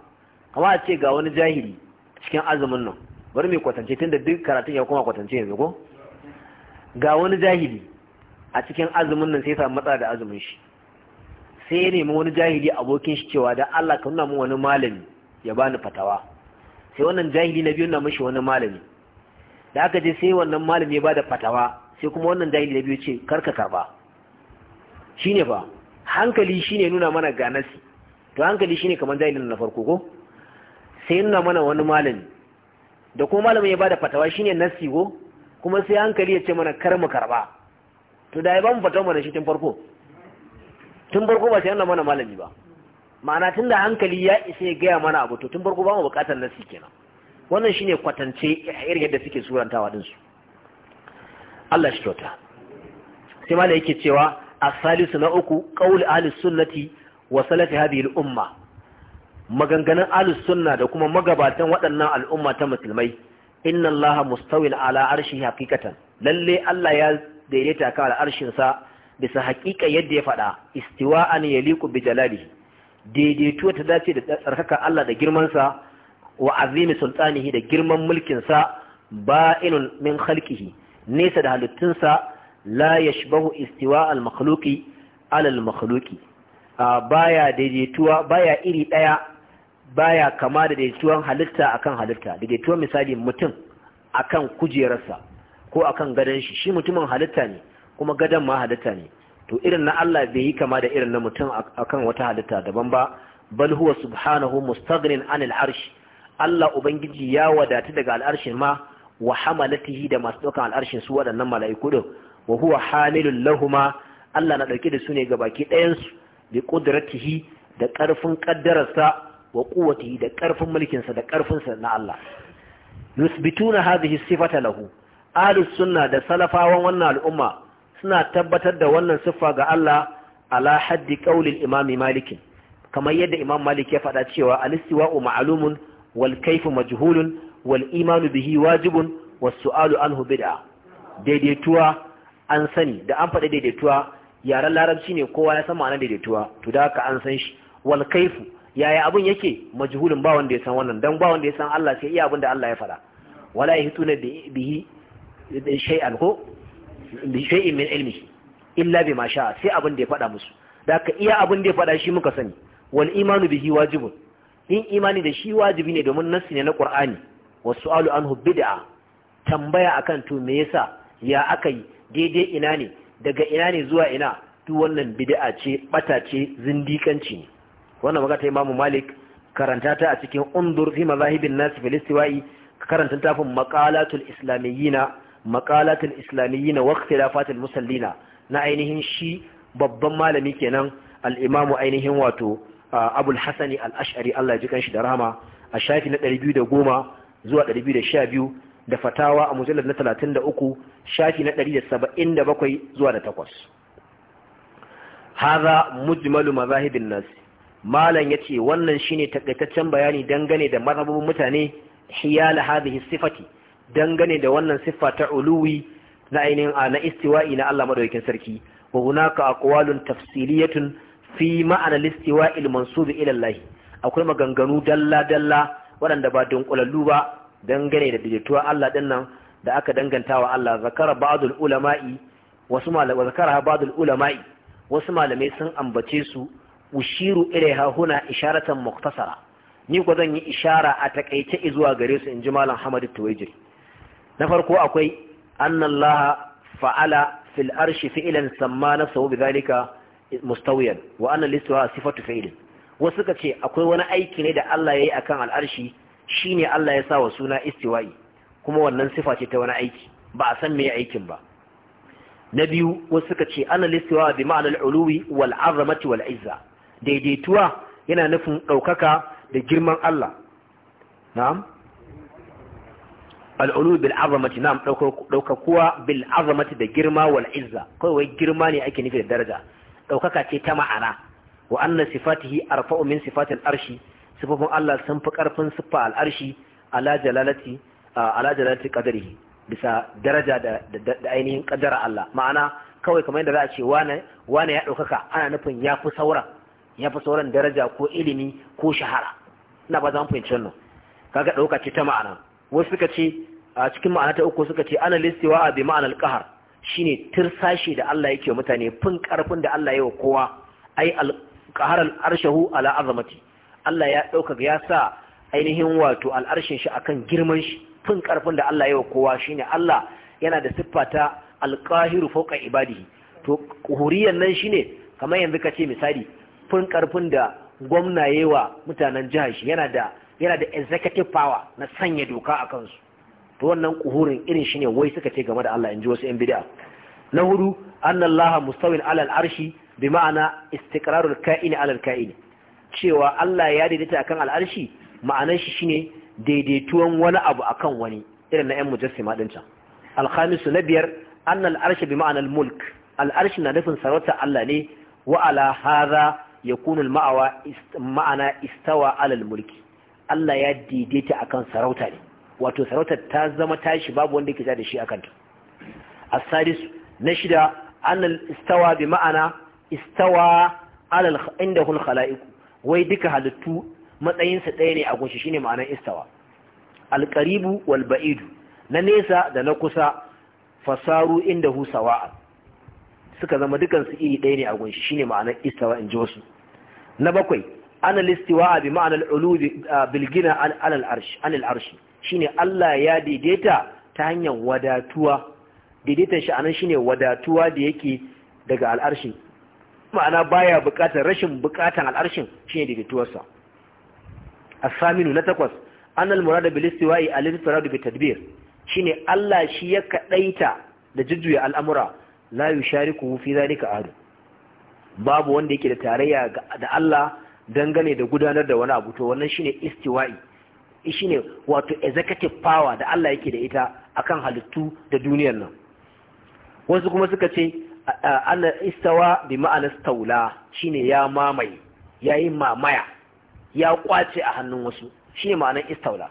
kamar a ce ga wani jahili cikin azumin nan bari mai kwatance tun da duk karatun ya kuma kwatance yanzu ko ga wani jahili a cikin azumin nan sai samu matsala da azumin shi sai ya nemi wani jahili abokin shi cewa da Allah ka nuna min wani malami ya bani fatawa sai wannan jahili na biyu na mishi wani malami da aka je sai wannan malami ya bada fatawa sai kuma wannan jahili na biyu ce karka karba shine fa hankali shine nuna mana ganasi to hankali shine kamar jahilin na farko ko sai nuna mana wani malami da kuma malamin ya bada fatawa shine nasi go kuma sai hankali ya ce mana kar mu karba to da ya ba mu fatawa mana shi tun farko tun farko ba sai yana mana malami ba ma'ana tun da hankali ya isa ya gaya mana abu to tun farko ba mu bukatar nasi kenan wannan shine kwatance irin yadda suke surantawa din su Allah shi tota sai malai yake cewa as-salisu na uku qaul ahli sunnati wa salafi hadhihi al-umma maganganun alus sunna da kuma magabatan waɗannan al'umma ta musulmai inna allaha mustawil ala arshi hakikatan lalle Allah ya daidaita kan al'arshin sa bisa hakika yadda ya faɗa istiwa'an yaliqu bi jalalihi daidaito ta dace da tsarkaka Allah da girman sa wa azimi sultanihi da girman mulkin sa ba'inun min khalqihi nesa da halittun sa la yashbahu istiwa al makhluqi ala al makhluqi baya daidaituwa baya iri daya baya kama da daidaituwan halitta akan halitta daidaituwan misali mutum akan kujerarsa ko akan gadon shi shi mutumin halitta ne kuma gadon ma halitta ne to irin na Allah bai yi kama da irin na mutum akan wata halitta daban ba bal huwa subhanahu mustaghnin anil arsh Allah ubangiji ya wadata daga al'arshin ma wa hamalatihi da masu ɗaukan al'arshin su waɗannan mala'iku din wa huwa hamilul lahuma Allah na ɗauke da su ne ga baki ɗayan su bi qudratihi da ƙarfin ƙaddararsa wa quwwatihi da karfin mulkinsa da karfin sa na Allah yusbituna hadhihi sifata lahu ahlus sunna da salafawan wannan al'umma suna tabbatar da wannan siffa ga Allah ala haddi qaulil imami maliki kamar yadda imam malik ya faɗa cewa al-istiwa'u ma'lumun wal kayfu majhulun wal imanu bihi wajibun was su'alu anhu bid'a daidaituwa an sani da an faɗi daidaituwa yaren larabci ne kowa ya san ma'anar daidaituwa to da haka an san shi wal kaifu yaya abun yake majhulun ba wanda ya san wannan dan ba wanda ya san Allah sai iya abin da Allah ya faɗa wala yahtuna bihi shay'an ko bi shay'in min ilmihi illa bima sha'a sai abin da ya fada musu da iya abin da ya fada shi muka sani wal imanu bihi wajibun in imani da shi wajibi ne domin nassi ne na Qur'ani wasu alu anhu bid'a tambaya akan to me yasa ya aka yi daidai ina ne daga ina ne zuwa ina duk wannan bid'a ce bata ce zindikanci ne wannan magana ta imamu malik karanta ta a cikin undur fi mazahibin nas fil istiwa'i karanta tafin maqalatul islamiyyina maqalatul islamiyyina wa ikhtilafatul musallina na ainihin shi babban malami kenan al-imamu ainihin wato abul hasani al-ash'ari Allah ya ji kanshi da rahama a shafi na 210 zuwa 212 da fatawa a mujallar na 33 shafi na 177 zuwa da 8 hadha mujmalu mazahibin nasi. malam ce wannan shine takaitaccen bayani dangane da mazhabun mutane hiyala hadhihi sifati dangane da wannan siffa ta uluwi na ainihin na istiwa'i na Allah madaukakin sarki wa hunaka aqwalun tafsiliyatun fi ma'ana al mansub ila Allah akwai maganganu dalla dalla waɗanda ba dunkulallu ba dangane da daidaituwa Allah din nan da aka danganta wa Allah zakara ba'dul ulama'i wasu malamai zakara ba'dul ulama'i wasu malamai sun ambace su ushiru ilaiha huna isharatan muktasara ni ko zan yi ishara a takaice zuwa gare su inji malam Hamad Tuwaijiri na farko akwai annallaha fa'ala fil arshi fi'lan samma nafsuhu bidhalika mustawiyan wa anna listuha sifatu fi'lin wasu ka ce akwai wani aiki ne da Allah ya yi akan al'arshi shine Allah ya sa wa suna istiwa'i kuma wannan sifa ce ta wani aiki ba a san me aikin ba na biyu wasu suka ce ana listiwa bi ma'anar uluwi wal azamati wal izza daidaituwa yana nufin ɗaukaka da girman Allah na'am al'ulu bil azamati na'am ɗaukakuwa bil azamati da girma wal izza kawai girma ne ake nufi da daraja ɗaukaka ce ta ma'ana wa anna sifatihi arfa'u min sifatil arshi sifofin Allah sun fi ƙarfin siffa al'arshi ala jalalati ala jalalati qadarihi bisa daraja da ainihin ƙadara Allah ma'ana kawai kamar yadda za a ce wane ya ɗaukaka ana nufin ya fi sauran ya fi sauran daraja ko ilimi ko shahara ina ba za mu fahimci wannan kaga dauka ce ta ma'ana wasu suka ce a cikin ma'ana ta uku suka ce ana listiwa a bi ma'anar kahar shine tirsashi da Allah yake mutane fin karfin da Allah ya wa kowa ai alqahar al-arshahu ala azamati Allah ya dauka ya sa ainihin wato al-arshin shi akan girman shi fin karfin da Allah ya wa kowa shine Allah yana da siffa ta al-qahiru fawqa ibadihi to huriyan nan shine kamar yanzu ka ce misali fin karfin da gwamna wa mutanen jihar shi yana da da executive power na sanya doka a kansu to wannan kuhurin irin shine wai suka ce game da Allah in ji wasu yan bid'a na hudu anna Allah mustawin alal arshi bi ma'ana istiqrarul ka'ini al ka'ini cewa Allah ya daidaita akan al'arshi ma'anar shi shine daidaituwan wani abu akan wani irin na yan mujassima din can alkhamisu na biyar anna al-arshi bi ma'anar mulk al'arshi na nufin sarauta Allah ne wa ala hadha yakunu ma'awa ma'ana istawa alal mulki Allah ya daidaita akan sarauta ne wato sarautar ta zama tashi babu wanda yake da shi akan ta as-sadis na shida annal istawa bi ma'ana istawa alal indahu al-khalaiq wai duka halittu matsayinsa ɗaya ne a gunshi shine ma'anar istawa Alkaribu wal ba'idu na nesa da na kusa fasaru inda hu sawa'a suka zama dukansu iri ɗaya ne a gunshi shine ma'anar istawa in ji wasu na bakwai ana listiwa bi ma'anar ulu bilgina anil arshi shine Allah ya daidaita ta hanyar wadatuwa daidaitan shi anan shine wadatuwa da yake daga al'arshin ma'ana baya bukatar rashin bukatan al'arshin shine daidaituwarsa asaminu na takwas anal murada bil istiwa'i al da bi tadbir shine Allah shi ya kaɗaita da jujjuya al'amura la yushariku fi zalika ahad babu wanda yake da tarayya da Allah dangane da gudanar da wani abu to wannan shine istiwa'i shine wato executive power da Allah yake da ita akan halittu da duniyar nan wasu kuma suka ce an istawa bi ma'ana staula shine ya mamaye yayi mamaya ya kwace a hannun wasu shine ma'anar istaula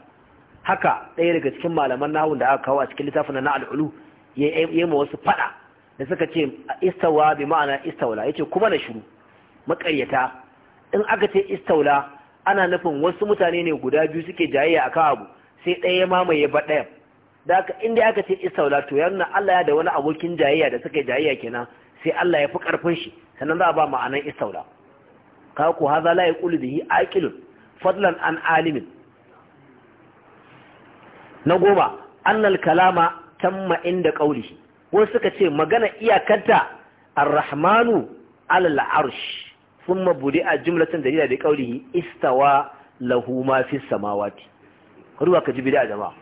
haka ɗaya daga cikin malaman nahun da aka kawo a cikin littafin na al'ulu ya yi ma wasu fada da suka ce istawa bi ma'ana istawla yace kuma na shiru makaryata in aka ce istawla ana nufin wasu mutane ne guda biyu suke jayayya akan abu sai ɗaya ya mamaye ba ɗaya da aka inda aka ce istawla to yana Allah ya da wani abokin jayayya da suka jayayya kenan sai Allah ya fi karfin shi sannan za a ba ma'anan istawla ka ku hadha la yaqulu bihi aqilun fadlan an alimin na goma annal kalama tamma inda qawlihi wasu suka ce magana iyakanta arrahmanu rahmanu alal arsh a a jumlatan dalila da qawlihi istawa lahu ma fi samawati ruwa ka ji bid'a jama'a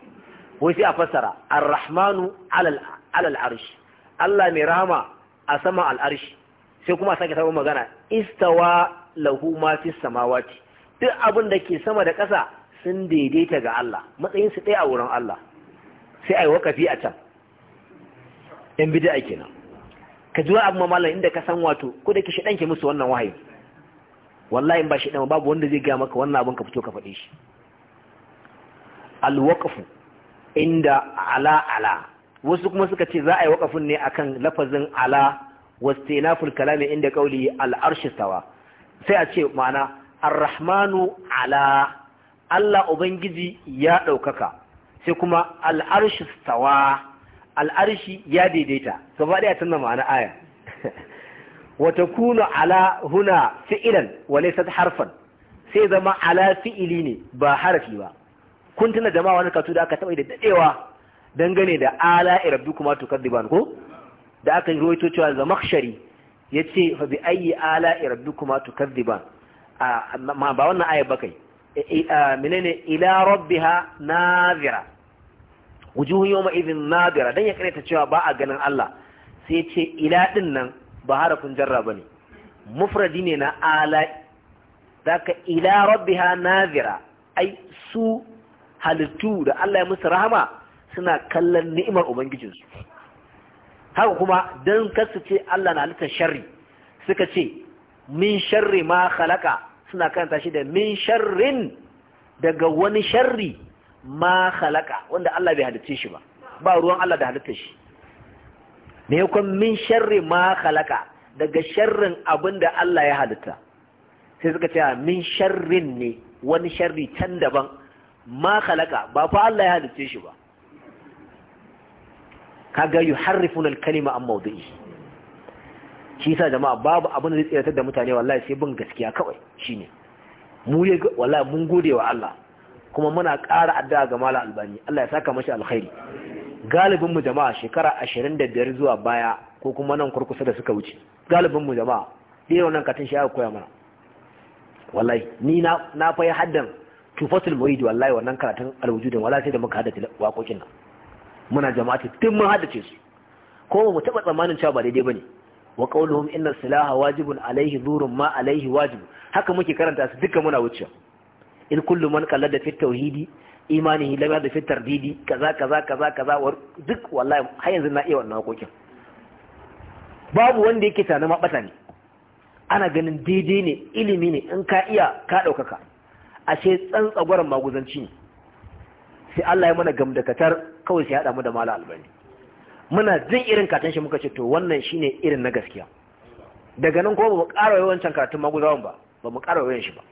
wai sai a fassara ar-rahmanu alal alal arsh Allah mai rahama a sama al-arsh sai kuma sake sabon magana istawa lahu ma fi samawati duk abin da ke sama da ƙasa sun daidaita ga Allah matsayin su ɗaya a wurin Allah sai a yi wakafi a can yan bid'a kenan ka ji abu mamalan inda ka san wato ko da ke shi musu wannan wahayi wallahi ba shi babu wanda zai gaya maka wannan abin ka fito ka faɗe shi alwakafu inda ala ala wasu kuma suka ce za a yi wakafin ne akan lafazin ala wasu fulkala ne inda kauli al'arshi sawa, sai a ce ma'ana arrahmanu ala Allah ubangiji ya ɗaukaka sai kuma al'arshi sawa. al'arshi ya daidaita gaba daya tunda ma'ana aya wa takunu ala huna fi'lan wa laysat harfan sai zama ala fi'ili ne ba harafi ba kun tuna jama'a wani katu da aka taba da dadewa dangane da ala irabdu kuma ko da aka yi ruwaito cewa ya yace fa bi ayi ala irabdu kuma ma ba wannan aya ba kai e, e, menene ila rabbiha nazira wujuhun yawma idhin nadira dan ya karanta cewa ba a ganin Allah sai ce ila din nan ba harafin jarra ne. mufradi ne na ala zaka ila rabbiha nadira ai su halittu da Allah ya musu rahama suna kallon ni'imar ubangijinsu haka kuma dan kasu ce Allah na halittar sharri suka ce min sharri ma khalaqa suna karanta shi da min sharrin daga wani sharri ma khalaqa wanda Allah bai halitta shi ba ba ruwan Allah da halitta shi me yake min sharri ma khalaqa daga sharrin abinda Allah ya halitta sai suka ce ah, min sharrin ne wani sharri can daban ma khalaqa ba fa Allah ya halitta shi ba kaga yuharrifuna al-kalima an mawdi'i shi sa jama'a babu abin da zai tsayar da mutane wallahi sai bin gaskiya kawai shine mu ya wallahi mun gode wa Allah kuma muna ƙara addu'a ga Malam Albani Allah ya saka mashi alkhairi galibin mu jama'a shekara 25 zuwa baya ko kuma nan kurkusa da suka wuce galibin mu jama'a dai wannan katin shi aka koya mana wallahi ni na na fayi haddan tufatul muridi wallahi wannan karatun alwujudin wallahi sai da muka haddace waƙoƙin nan muna jama'a ta tun mun haddace su ko mu taba tsammanin cewa ba daidai bane wa qawluhum inna silaha wajibun alaihi dhurun ma alaihi wajib haka muke karanta su duka muna wucewa in kullu man kalla da fit tauhidi imanihi lam yadda fit tardidi kaza kaza kaza kaza duk wallahi har yanzu na iya wannan hakokin babu wanda yake tana mabata ne ana ganin daidai ne ilimi ne in ka iya ka daukaka ashe tsantsagwaron maguzanci ne sai Allah ya mana gamdakatar kawai sai ya mu da mala albani muna jin irin katan shi muka ce to wannan shine irin na gaskiya daga nan kuma ba mu ƙara can karatun maguzawan ba ba mu ƙara yawan shi ba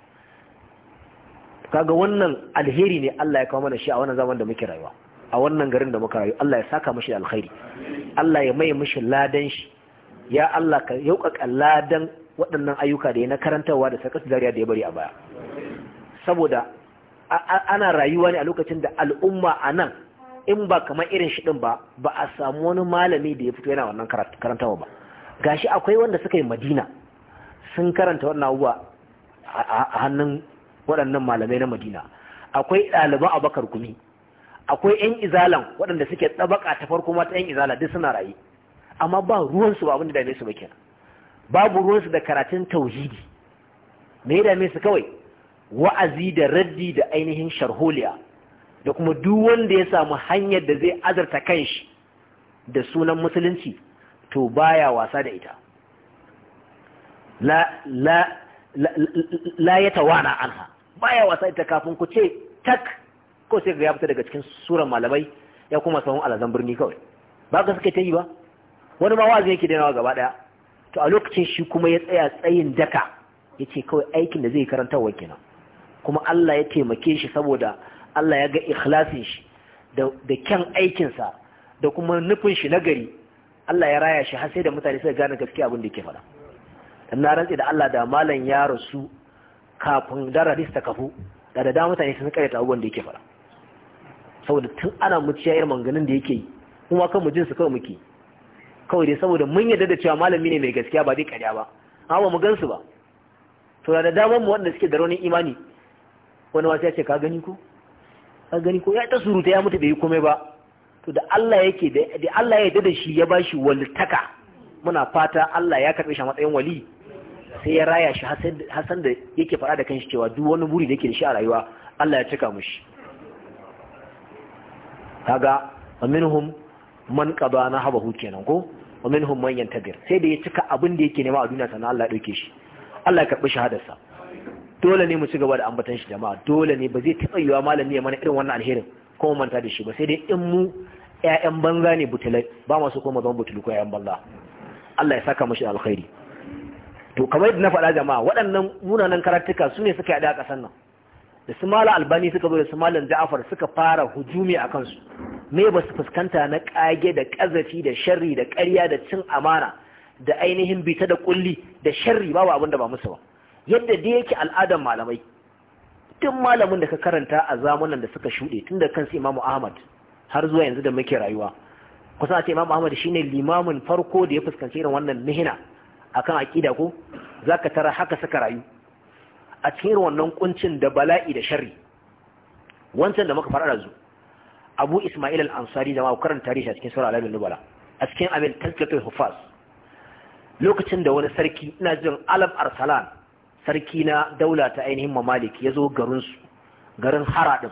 kaga wannan alheri ne Allah ya kawo mana shi a wannan zaman da muke rayuwa a wannan garin da muka rayu Allah ya saka mishi alkhairi Allah ya mai mishi ladan shi ya Allah ka yaukaka ladan waɗannan ayyuka da ya na karantarwa da sakas dariya da ya bari a baya saboda ana rayuwa ne a lokacin da al'umma a nan in ba kamar irin shi ɗin ba ba a samu wani malami da ya fito yana wannan karantawa ba gashi akwai wanda suka yi madina sun karanta wannan abubuwa a hannun waɗannan malamai na madina akwai ɗaliban bakar kumi akwai yan izalan waɗanda suke tsabaka ta farko mata yan izala duk suna raye amma ba ruwansu ba abin da dame su ba kenan babu ruwansu da karatun tauhidi me ya dame su kawai wa'azi da raddi da ainihin sharholiya da kuma duk wanda ya samu hanyar da zai azarta kanshi da sunan musulunci to baya wasa da ita la ya tawana anha baya wasa ita kafin ku ce tak ko sai ga ya fita daga cikin suran malamai ya kuma sahun alazan birni kawai ba ka suka ta yi ba wani ma wa'azi yake dainawa gaba daya to a lokacin shi kuma ya tsaya tsayin daka ya ce kawai aikin da zai wa kenan kuma Allah ya taimake shi saboda Allah ya ga ikhlasin shi da kyan aikinsa da kuma nufin shi na gari Allah ya raya shi har sai da mutane suka gane gaskiya abin da yake faɗa dan na rantsi da Allah da malam ya rasu kafin dara hadis ta kafu da da dama mutane sun karyata abubuwan da yake fara saboda tun ana muciya irin manganin da yake yi kuma kan mu jin su kawai muke kawai dai saboda mun yadda da cewa malami ne mai gaskiya ba dai karya ba amma mu gansu ba to da daman mu wanda suke da raunin imani wani wasu ya ce ka gani ko ka gani ko ya ta surutu ya mutu bai yi komai ba to da Allah yake da Allah ya yadda da shi ya bashi waltaka muna fata Allah ya karbe shi a matsayin wali sai ya raya shi hasan da yake faɗa da kanshi cewa duk wani buri da yake da shi a rayuwa Allah ya cika mushi kaga minhum man qada nahabahu kenan ko wa man yantadir sai da ya cika abin da yake nema a duniya sannan Allah ya dauke shi Allah ya karbi shahadarsa dole ne mu ci gaba da ambatan shi jama'a dole ne ba zai taɓa yiwa malami ya mana irin wannan alherin ko manta da shi ba sai dai in mu ƴaƴan banza ne butulai ba masu koma zama butulu ko ƴaƴan banza Allah ya saka mashi alkhairi to kamar yadda na faɗa jama'a waɗannan munanan karatuka su ne suka yi a ƙasar nan da su mala albani suka zo da su ja'afar suka fara hujumi a kansu me ba su fuskanta na ƙage da ƙazafi da sharri da ƙarya da cin amana da ainihin bita da ƙulli da sharri babu abin da ba musu ba yadda dai yake al'adar malamai tun malamin da ka karanta a zamanin da suka shuɗe tun da kansu imamu ahmad har zuwa yanzu da muke rayuwa kusa ce imamu ahmad shine limamin farko da ya fuskanci irin wannan mihina akan aƙida ko zaka tara haka saka rayu a cikin wannan kuncin da bala'i da sharri wancan da muka fara da abu ismail al-ansari da mu karanta tarihi a cikin sura al nubala a cikin abin tazkatul hufaz lokacin da wani sarki ina jin alam arsalan sarki na daula ta ainihin mamalik ya zo garinsu garin hara din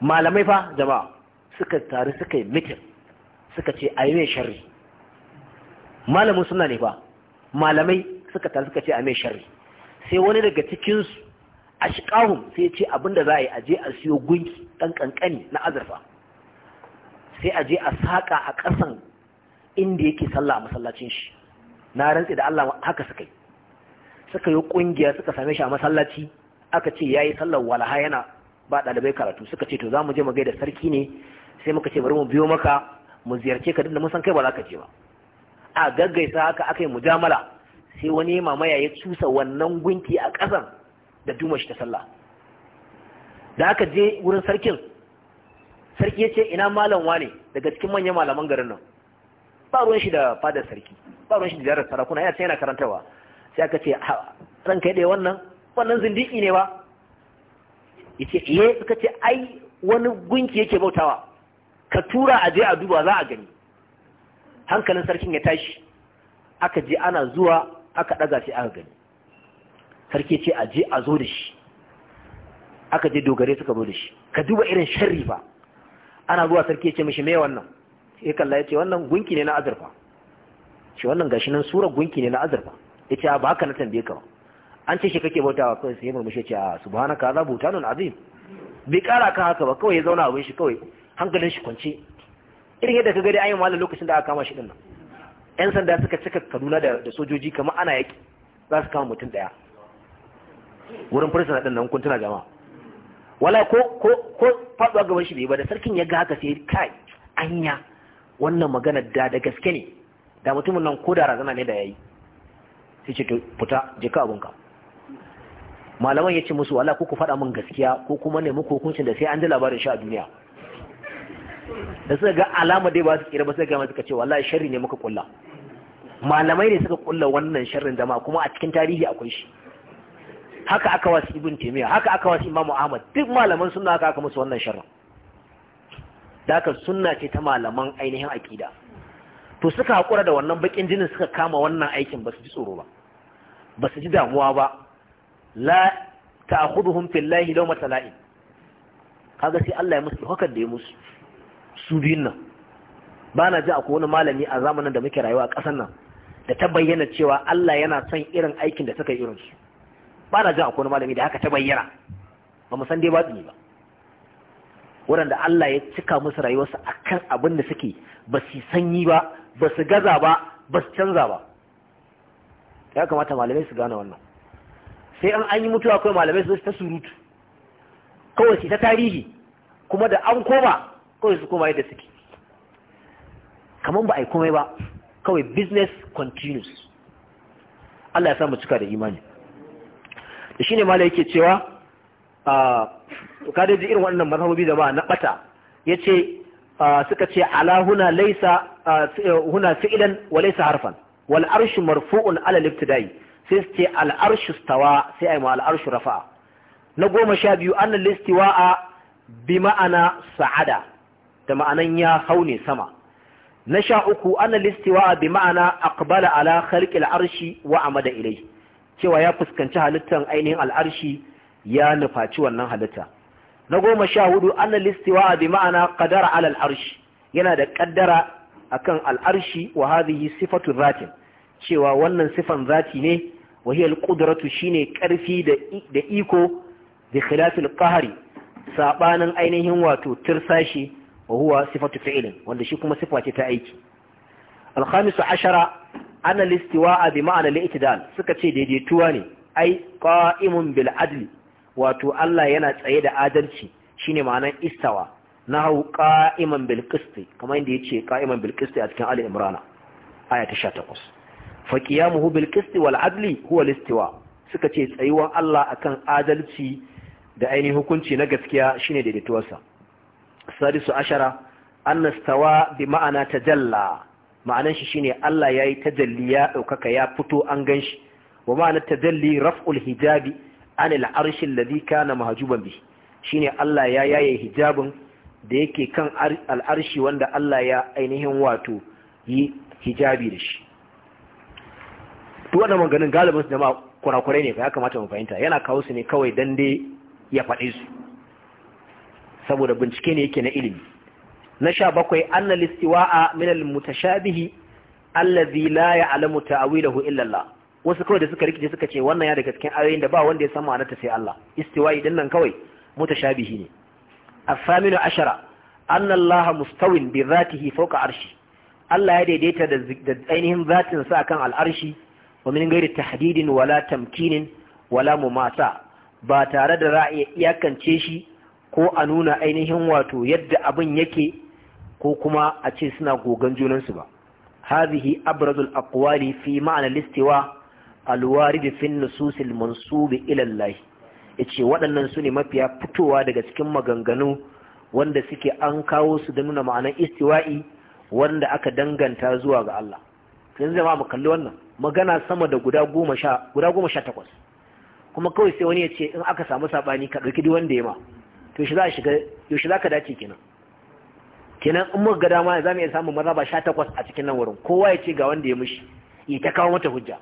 malamai fa jama'a suka taru suka yi mitin suka ce a yi mai sharri malamin suna ne ba malamai suka ta suka ce a mai shari, sai wani daga cikinsu a shiƙahun sai ce abinda za a yi aje a siyo gunki ɗan ƙanƙani na azurfa sai a je a saƙa a ƙasan inda yake sallah a masallacin shi na rantse da Allah haka suka yi suka yi ƙungiya suka same shi a masallaci aka ce ya yi sallar walaha yana ba ɗalibai karatu suka ce to za mu je mu gaida sarki ne sai muka ce bari mu biyo maka mu ziyarce ka duk da mun san kai ba za ka je ba a gaggaisa haka aka yi mujamala sai wani mamaya ya cusa wannan gunki a ƙasan da duma shi ta sallah da aka je wurin sarkin sarki ya ce ina malam wane daga cikin manyan malaman garin nan ba ruwan shi da fadar sarki ba ruwan shi da jarar sarakuna yana yana karantawa sai aka ce ran ya ɗaya wannan wannan zindiki ne ba ya ce iye eh, suka ce ai wani gunki yake bautawa ka tura a je a duba za a gani hankalin sarkin ya tashi aka je ana zuwa aka ɗaga shi aka gani sarki ce a je a zo da shi aka je dogare suka zo da shi ka duba irin sharri ba ana zuwa sarki ce mishi mai wannan sai kalla ya ce wannan gunki ne na azurfa shi wannan gashi nan surar gunki ne na azurfa ya ce ba haka na tambaye ka an ce shi kake bautawa kawai sai murmushi ce a subhanaka za butanun azim bai kara ka haka ba kawai ya zauna abin shi kawai hankalin shi kwance irin yadda ka gari ayin malam lokacin da aka kama shi dinnan yan sanda suka cika kaduna da sojoji kamar ana yaki za su kama mutum daya wurin fursuna din nan kun tana jama'a wala ko ko ko faduwa gaban shi bai ba da sarkin ya ga haka sai kai anya wannan magana da da gaske ne da mutumin nan ko da razana ne da yayi sai ce to fita je ka abunka malaman ya ce musu wala ko ku faɗa min gaskiya ko kuma ne muku hukuncin da sai an ji labarin shi a duniya da suka ga alama dai ba su kira ba suka ga masu ce wallahi sharri ne muka kulla malamai ne suka kulla wannan sharrin jama'a kuma a cikin tarihi akwai shi haka aka wasu ibn taymiya haka aka wasu imamu ahmad duk malaman sunna haka aka musu wannan sharrin da sunna ce ta malaman ainihin aqida to suka hakura da wannan bakin jinin suka kama wannan aikin ba su ji tsoro ba ba su ji damuwa ba la ta'khudhuhum fillahi lawma tala'in kaga sai Allah ya musu hakan da ya musu su biyun nan ba na ji a wani malami a zamanin da muke rayuwa a ƙasar nan da ta bayyana cewa Allah yana son irin aikin da suka yi irinsu ba na ji a wani malami da haka ta bayyana ba mu san dai baɗi ba waɗanda Allah ya cika musu rayuwarsu kan abin da suke ba su sanyi ba ba su gaza ba ba su canza ba ya kamata malamai su gane wannan sai an an yi mutuwa kawai malamai su ta surutu kawai su ta tarihi kuma da an koma kawai su koma yadda suke kamar ba a yi komai ba kawai business continues Allah ya samu cika da imani da shi ne mala yake cewa a ah, kada irin wannan mazhabobi da ba na bata ya ce ah, suka ce ala huna laisa ah, huna fi'ilan wa laisa harfan wal arshu marfu'un ala libtidai sai su ce al arshu stawa sai ai ma al arshu rafa'a na goma sha biyu annal a bi ma'ana sa'ada da ma'anan ya hau ne sama na sha uku ana listiwa bi ma'ana aqbala ala kharqil arshi wa amada ilai cewa ya fuskanci halittar ainihin al'arshi ya nufaci wannan halitta na goma sha hudu ana listiwa bi ma'ana kadara ala al'arshi yana da kaddara akan al'arshi wa hadhihi sifatu zatin cewa wannan sifan zati ne wa hiya shine karfi da iko bi khilafil qahri sabanin ainihin wato tirsashi wa huwa sifatu fi'lin wanda shi kuma sifa ce ta aiki alkhamisu ashara ana listiwa'a bi ma'ana li'tidal suka ce daidaituwa ne ai qa'imun bil adli wato Allah yana tsaye da adalci shine ma'anar istawa nahu qa'iman bil qisti kamar inda yace qa'iman bil qisti a cikin Ali Imran aya ta 18 fa qiyamuhu bil qisti wal adli huwa suka ce tsayuwan Allah akan adalci da ainihin hukunci na gaskiya shine daidaituwarsa sadisu ashara anna stawa bi ma'ana tajalla ma'anan shi shine Allah yayi tajalli ya ɗaukaka ya fito an ganshi wa ma'ana tajalli raf'ul hijabi anil ladika alladhi kana mahjuban bi shine Allah ya yaye hijabin da yake kan al'arshi wanda Allah ya ainihin wato yi hijabi da shi duk wannan maganin galibin jama'a kurakurai ne ya kamata mu fahimta yana kawo su ne kawai dan dai ya faɗe su saboda bincike ne yake na ilimi na sha bakwai annal istiwa'a minal mutashabihi allazi la ya'lamu ta'wilahu illa Allah wasu kawai da suka rikice suka ce wannan ya daga cikin ayoyin da ba wanda ya samu anata sai Allah istiwa'i din nan kawai mutashabihi ne Saminu ashara anna Allah mustawin bi dhatihi fawqa arshi Allah ya daidaita da ainihin zatin sa kan al'arshi wa min ghairi tahdidin wala tamkinin wala mumasa ba tare da ra'ayi iyakance shi ko a nuna ainihin wato yadda abin yake ko kuma a ce suna gogan junansu ba hazihi abrazul aqwali fi ma'ana listiwa alwaridi fi nusus Mansubi, ila Allah yace waɗannan su ne mafiya fitowa daga cikin maganganu wanda suke an kawo su da nuna ma'anar istiwa'i wanda aka danganta zuwa ga Allah yanzu jama'a mu kalli wannan magana sama da guda goma sha guda goma sha takwas kuma kawai sai wani ya ce in aka samu saɓani ka ɗauki duk wanda ya ma to shi za a shiga yaushe za ka dace kenan kenan in muka ga dama za mu iya samun ba sha takwas a cikin nan wurin kowa ya ce ga wanda ya mushi ya ta kawo mata hujja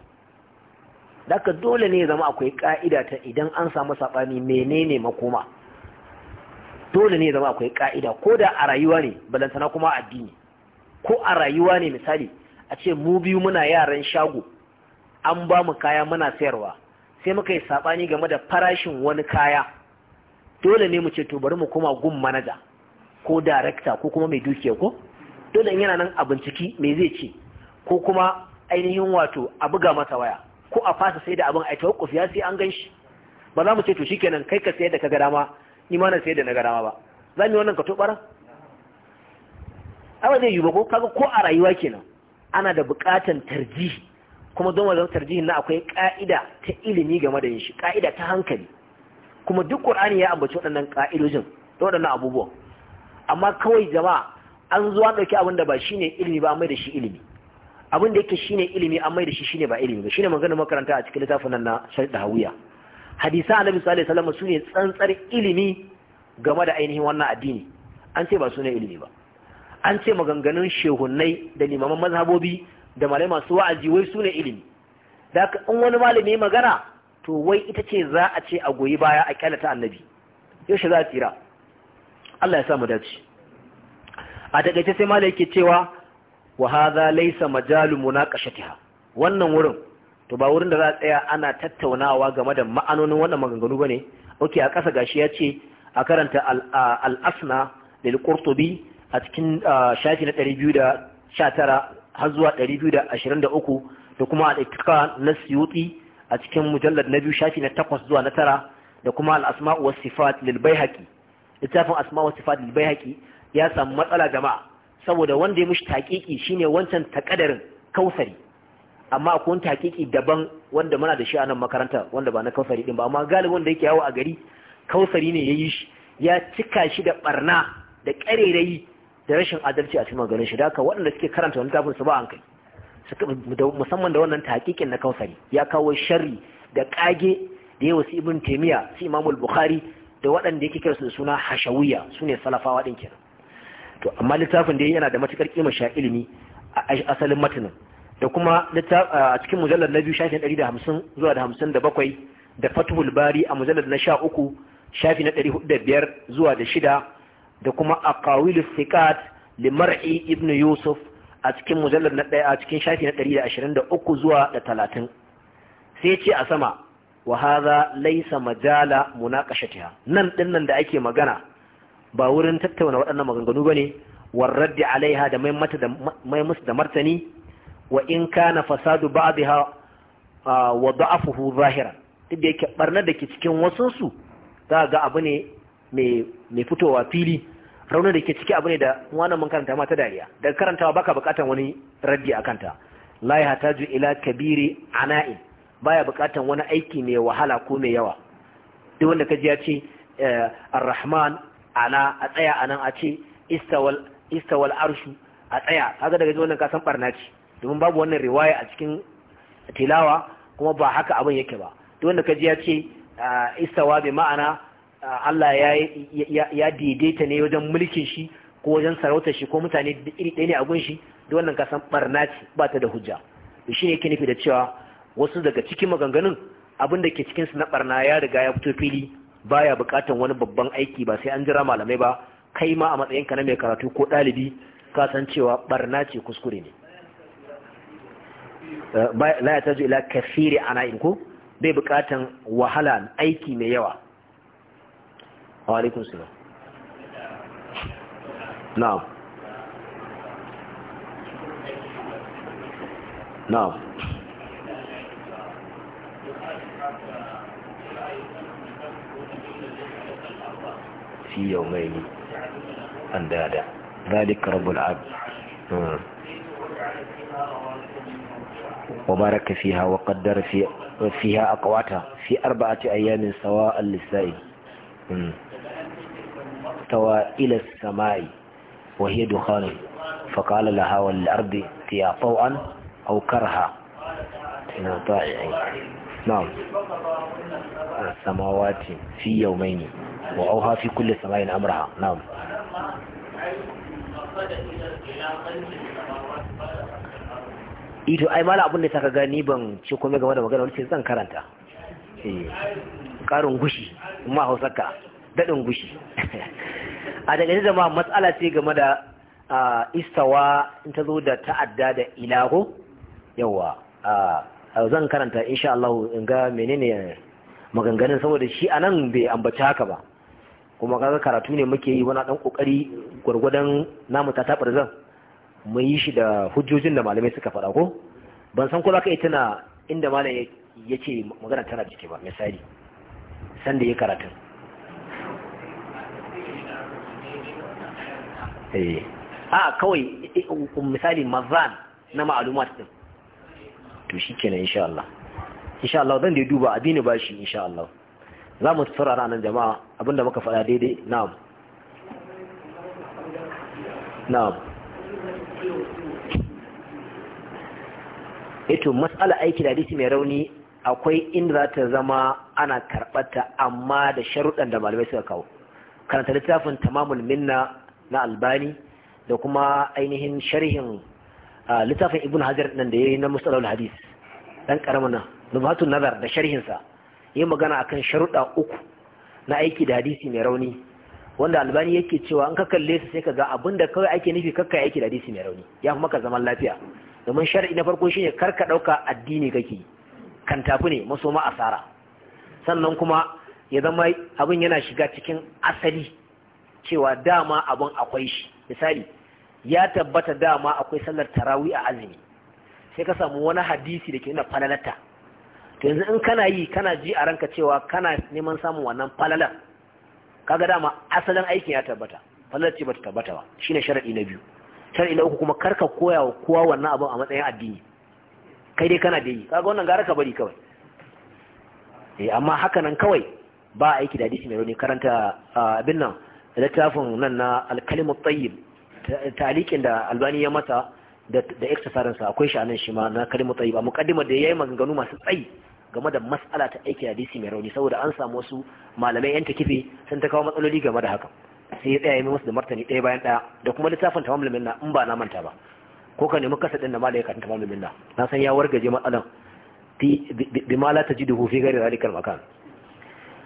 Daka dole ne ya zama akwai ka'ida ta idan an samu saɓani menene makoma dole ne ya zama akwai ka'ida ko da a rayuwa ne balantana kuma addini ko a rayuwa ne misali a ce mu biyu muna yaran shago an ba mu kaya muna sayarwa sai muka yi saɓani game da farashin wani kaya dole ne mu ce to bari mu koma gun manaja ko director ko kuma mai dukiya ko dole in yana nan a binciki me zai ce ko kuma ainihin wato a buga masa waya ko a fasa sai da abin a tawakkuf ya sai an ganshi ba za mu ce to kenan kai ka sayar da kaga dama ni ma na sayar da na ga dama ba za mu yi wannan ka to bara awa zai yi ba ko kaga ko a rayuwa kenan ana da buƙatan tarjihi kuma don wajen tarjihin na akwai ka'ida ta ilimi game da yin shi ka'ida ta hankali kuma duk qur'ani ya ambaci waɗannan ka'idojin da waɗannan abubuwan amma kawai jama'a an zuwa ɗauki abin da ba ne ilimi ba mai da shi ilimi abin da yake ne ilimi an mai da shi shine ba ilimi ba shine maganar makaranta a cikin littafin nan na sharh hawiya hadisa annabi sallallahu alaihi wasallam sune tsantsar ilimi game da ainihin wannan addini an ce ba ne ilimi ba an ce maganganun shehunnai da limaman mazhabobi da malai masu wa'azi wai sune ilimi da in wani malami magana to wai ita ce za a ce a goyi baya a kyalata annabi yaushe za a tsira Allah ya samu dace a takaice sai malai yake cewa wa hadha laysa majalu munaqashatiha wannan wurin to ba wurin da za a tsaya ana tattaunawa game da ma'anonin wannan maganganu ba ne. oke a kasa gashi ya ce a karanta al-asna lil qurtubi a cikin shafi na 219 har zuwa 223 da kuma a ittiqa na siyoti a cikin mujallar na biyu shafi na takwas zuwa na tara da kuma al'asma'u wasu sifat lil littafin asma'u wasu sifat lilbai ya samu matsala jama'a saboda wanda ya mushi shi ne wancan takadarin kausari amma a wani taƙiƙi daban wanda muna da shi a nan makaranta wanda ba na kausari din ba amma galibin wanda yake yawo a gari kausari ne ya yi shi ya cika shi da ɓarna da ƙarerayi da rashin adalci a cikin maganin shi da haka waɗanda suke karanta wani tafin su ba hankali musamman da wannan tahqiqin na kausari ya kawo sharri da ƙage da yawa su ibn taymiya su imamul bukhari da waɗanda yake kira su da suna hashawiya ne salafawa ɗin kenan to amma littafin da yana da matukar kima sha ilimi a asalin matanin da kuma a cikin mujallar na biyu shafin hamsin zuwa da hamsin da bakwai da fatuhul bari a mujallar na sha uku shafi na ɗari da biyar zuwa da shida da kuma a aqawilus siqat limar'i ibn yusuf a cikin mujallar na ɗaya a cikin shafi na ɗari da ashirin da uku zuwa da talatin sai ce a sama wa haza laisa majala munaqashatiha nan dinnan da ake magana ba wurin tattauna waɗannan maganganu bane warraddi alaiha da mai mata da mai musu da martani wa in kana fasadu ba'daha wa da'afuhu zahiran duk da yake barnar da ke cikin wasunsu za ga abu ne mai fitowa fili raunin da ke ciki abu ne da wannan mun karanta mata dariya daga karantawa baka bukatan wani raddi a kanta la ya hataju ila kabiri ana'in baya bukatan wani aiki mai wahala ko mai yawa duk wanda kaji ya ce eh, ar-rahman ana a tsaya anan a ce istawal istawal arshu a tsaya kaga daga wannan ka san barna ce domin babu wannan riwaya a cikin tilawa kuma ba haka abin yake ba duk wanda kaji ya ce eh, istawa bi ma'ana Allah ya daidaita ne wajen mulkin shi ko wajen sarautar shi ko mutane iri ɗaya ne a gun da wannan kasan barna ce ba ta da hujja da shi ne yake nufi da cewa wasu daga cikin maganganun abin da ke cikinsu na barna ya riga ya fito fili baya buƙatar wani babban aiki ba sai an jira malamai ba kai ma a matsayin ka na mai karatu ko ɗalibi ka san cewa barna ce kuskure ne eh, la ya tajo ila kafiri ana in ko bai buƙatan wahala aiki mai yawa وعليكم السلام نعم نعم في يومين أندادا ذلك رب العبد وبارك فيها وقدر في فيها أقواتها في أربعة أيام سواء للسائل استوى إلى السماء وهي دخان فقال لها والأرض تيا طوعا أو كرها طائعين نعم
السماوات
في يومين وأوها في كل سماء أمرها نعم ito ai mala abin da saka gani ban ce komai game da magana wani ce zan karanta karin gushi ma hausaka daɗin gushi a daga da ma matsala ce game da istawa in ta zo da ta'adda da ilaho yawa zan karanta insha Allah in ga menene maganganun saboda shi a nan bai ambaci haka ba kuma kaga karatu ne muke yi wani dan kokari gwargwadon namu ta tabar zan mu yi shi da hujjojin da malamai suka faɗa ko ban san ko za ka yi tana inda malam ya ce magana tana jiki ba misali sanda ya karatu eh. a kawai eh, misali mazan na ma'alumat din to shi kenan insha Allah insha Allah zan da duba abini ba shi insha Allah za mu saurara nan jama'a abinda muka faɗa daidai na'am na'am eto eh matsala aiki da disi mai rauni akwai inda za ta zama ana karɓata amma da sharuɗan da malamai suka kawo karanta littafin tamamul minna na albani da kuma ainihin sharhin littafin ibn hajar nan da ya yi na musalawar hadis ɗan ƙaramin nan nubatun nazar da sharhinsa yi magana akan sharuɗa uku na aiki da hadisi mai rauni wanda albani yake cewa in ka kalle su sai ka ga abin da kawai ake nufi kakka aiki da hadisi mai rauni ya fi maka zaman lafiya domin shar'i na farko shine kar ka ɗauka addini kake yi kan ne masoma asara sannan kuma ya zama abin yana shiga cikin asali cewa dama abin akwai shi misali ya tabbata dama akwai sallar tarawi a azumi sai ka samu wani hadisi da ke nuna falalata to yanzu in kana yi kana ji a ranka cewa kana neman samun wannan falalar kaga dama asalin aikin ya tabbata falalar ce bata tabbata ba shine sharadi na biyu sharadi na uku kuma karka koya wa kowa wannan abin a matsayin addini kai dai kana da yi kaga wannan gara ka bari kawai eh amma haka nan kawai ba aiki da hadisi mai rauni karanta abin nan littafin nan na al-kalimu tayyib talikin da albani ya mata da iktisarin sa akwai anan shi ma na kalimu tayyib a muqaddimar da yayi maganganu masu tsayi game da mas'ala ta aiki da hadisi mai rauni saboda an samu wasu malamai yan takife sun ta kawo matsaloli game da haka sai ya tsaya mai musu da martani ɗaya bayan ɗaya da kuma littafin tamamul na in ba na manta ba ko ka nemi kasa din da malai ka tamamu minna na san ya wargaje matsalan bi ma la tajiduhu fi ghairi zalikal makan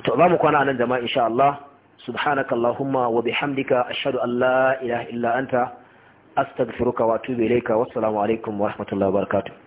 to ba mu kwana nan jama'a insha Allah subhanaka allahumma wa bihamdika ashhadu an la ilaha illa anta astaghfiruka wa atubu ilayka wassalamu alaikum wa rahmatullahi wa barakatuh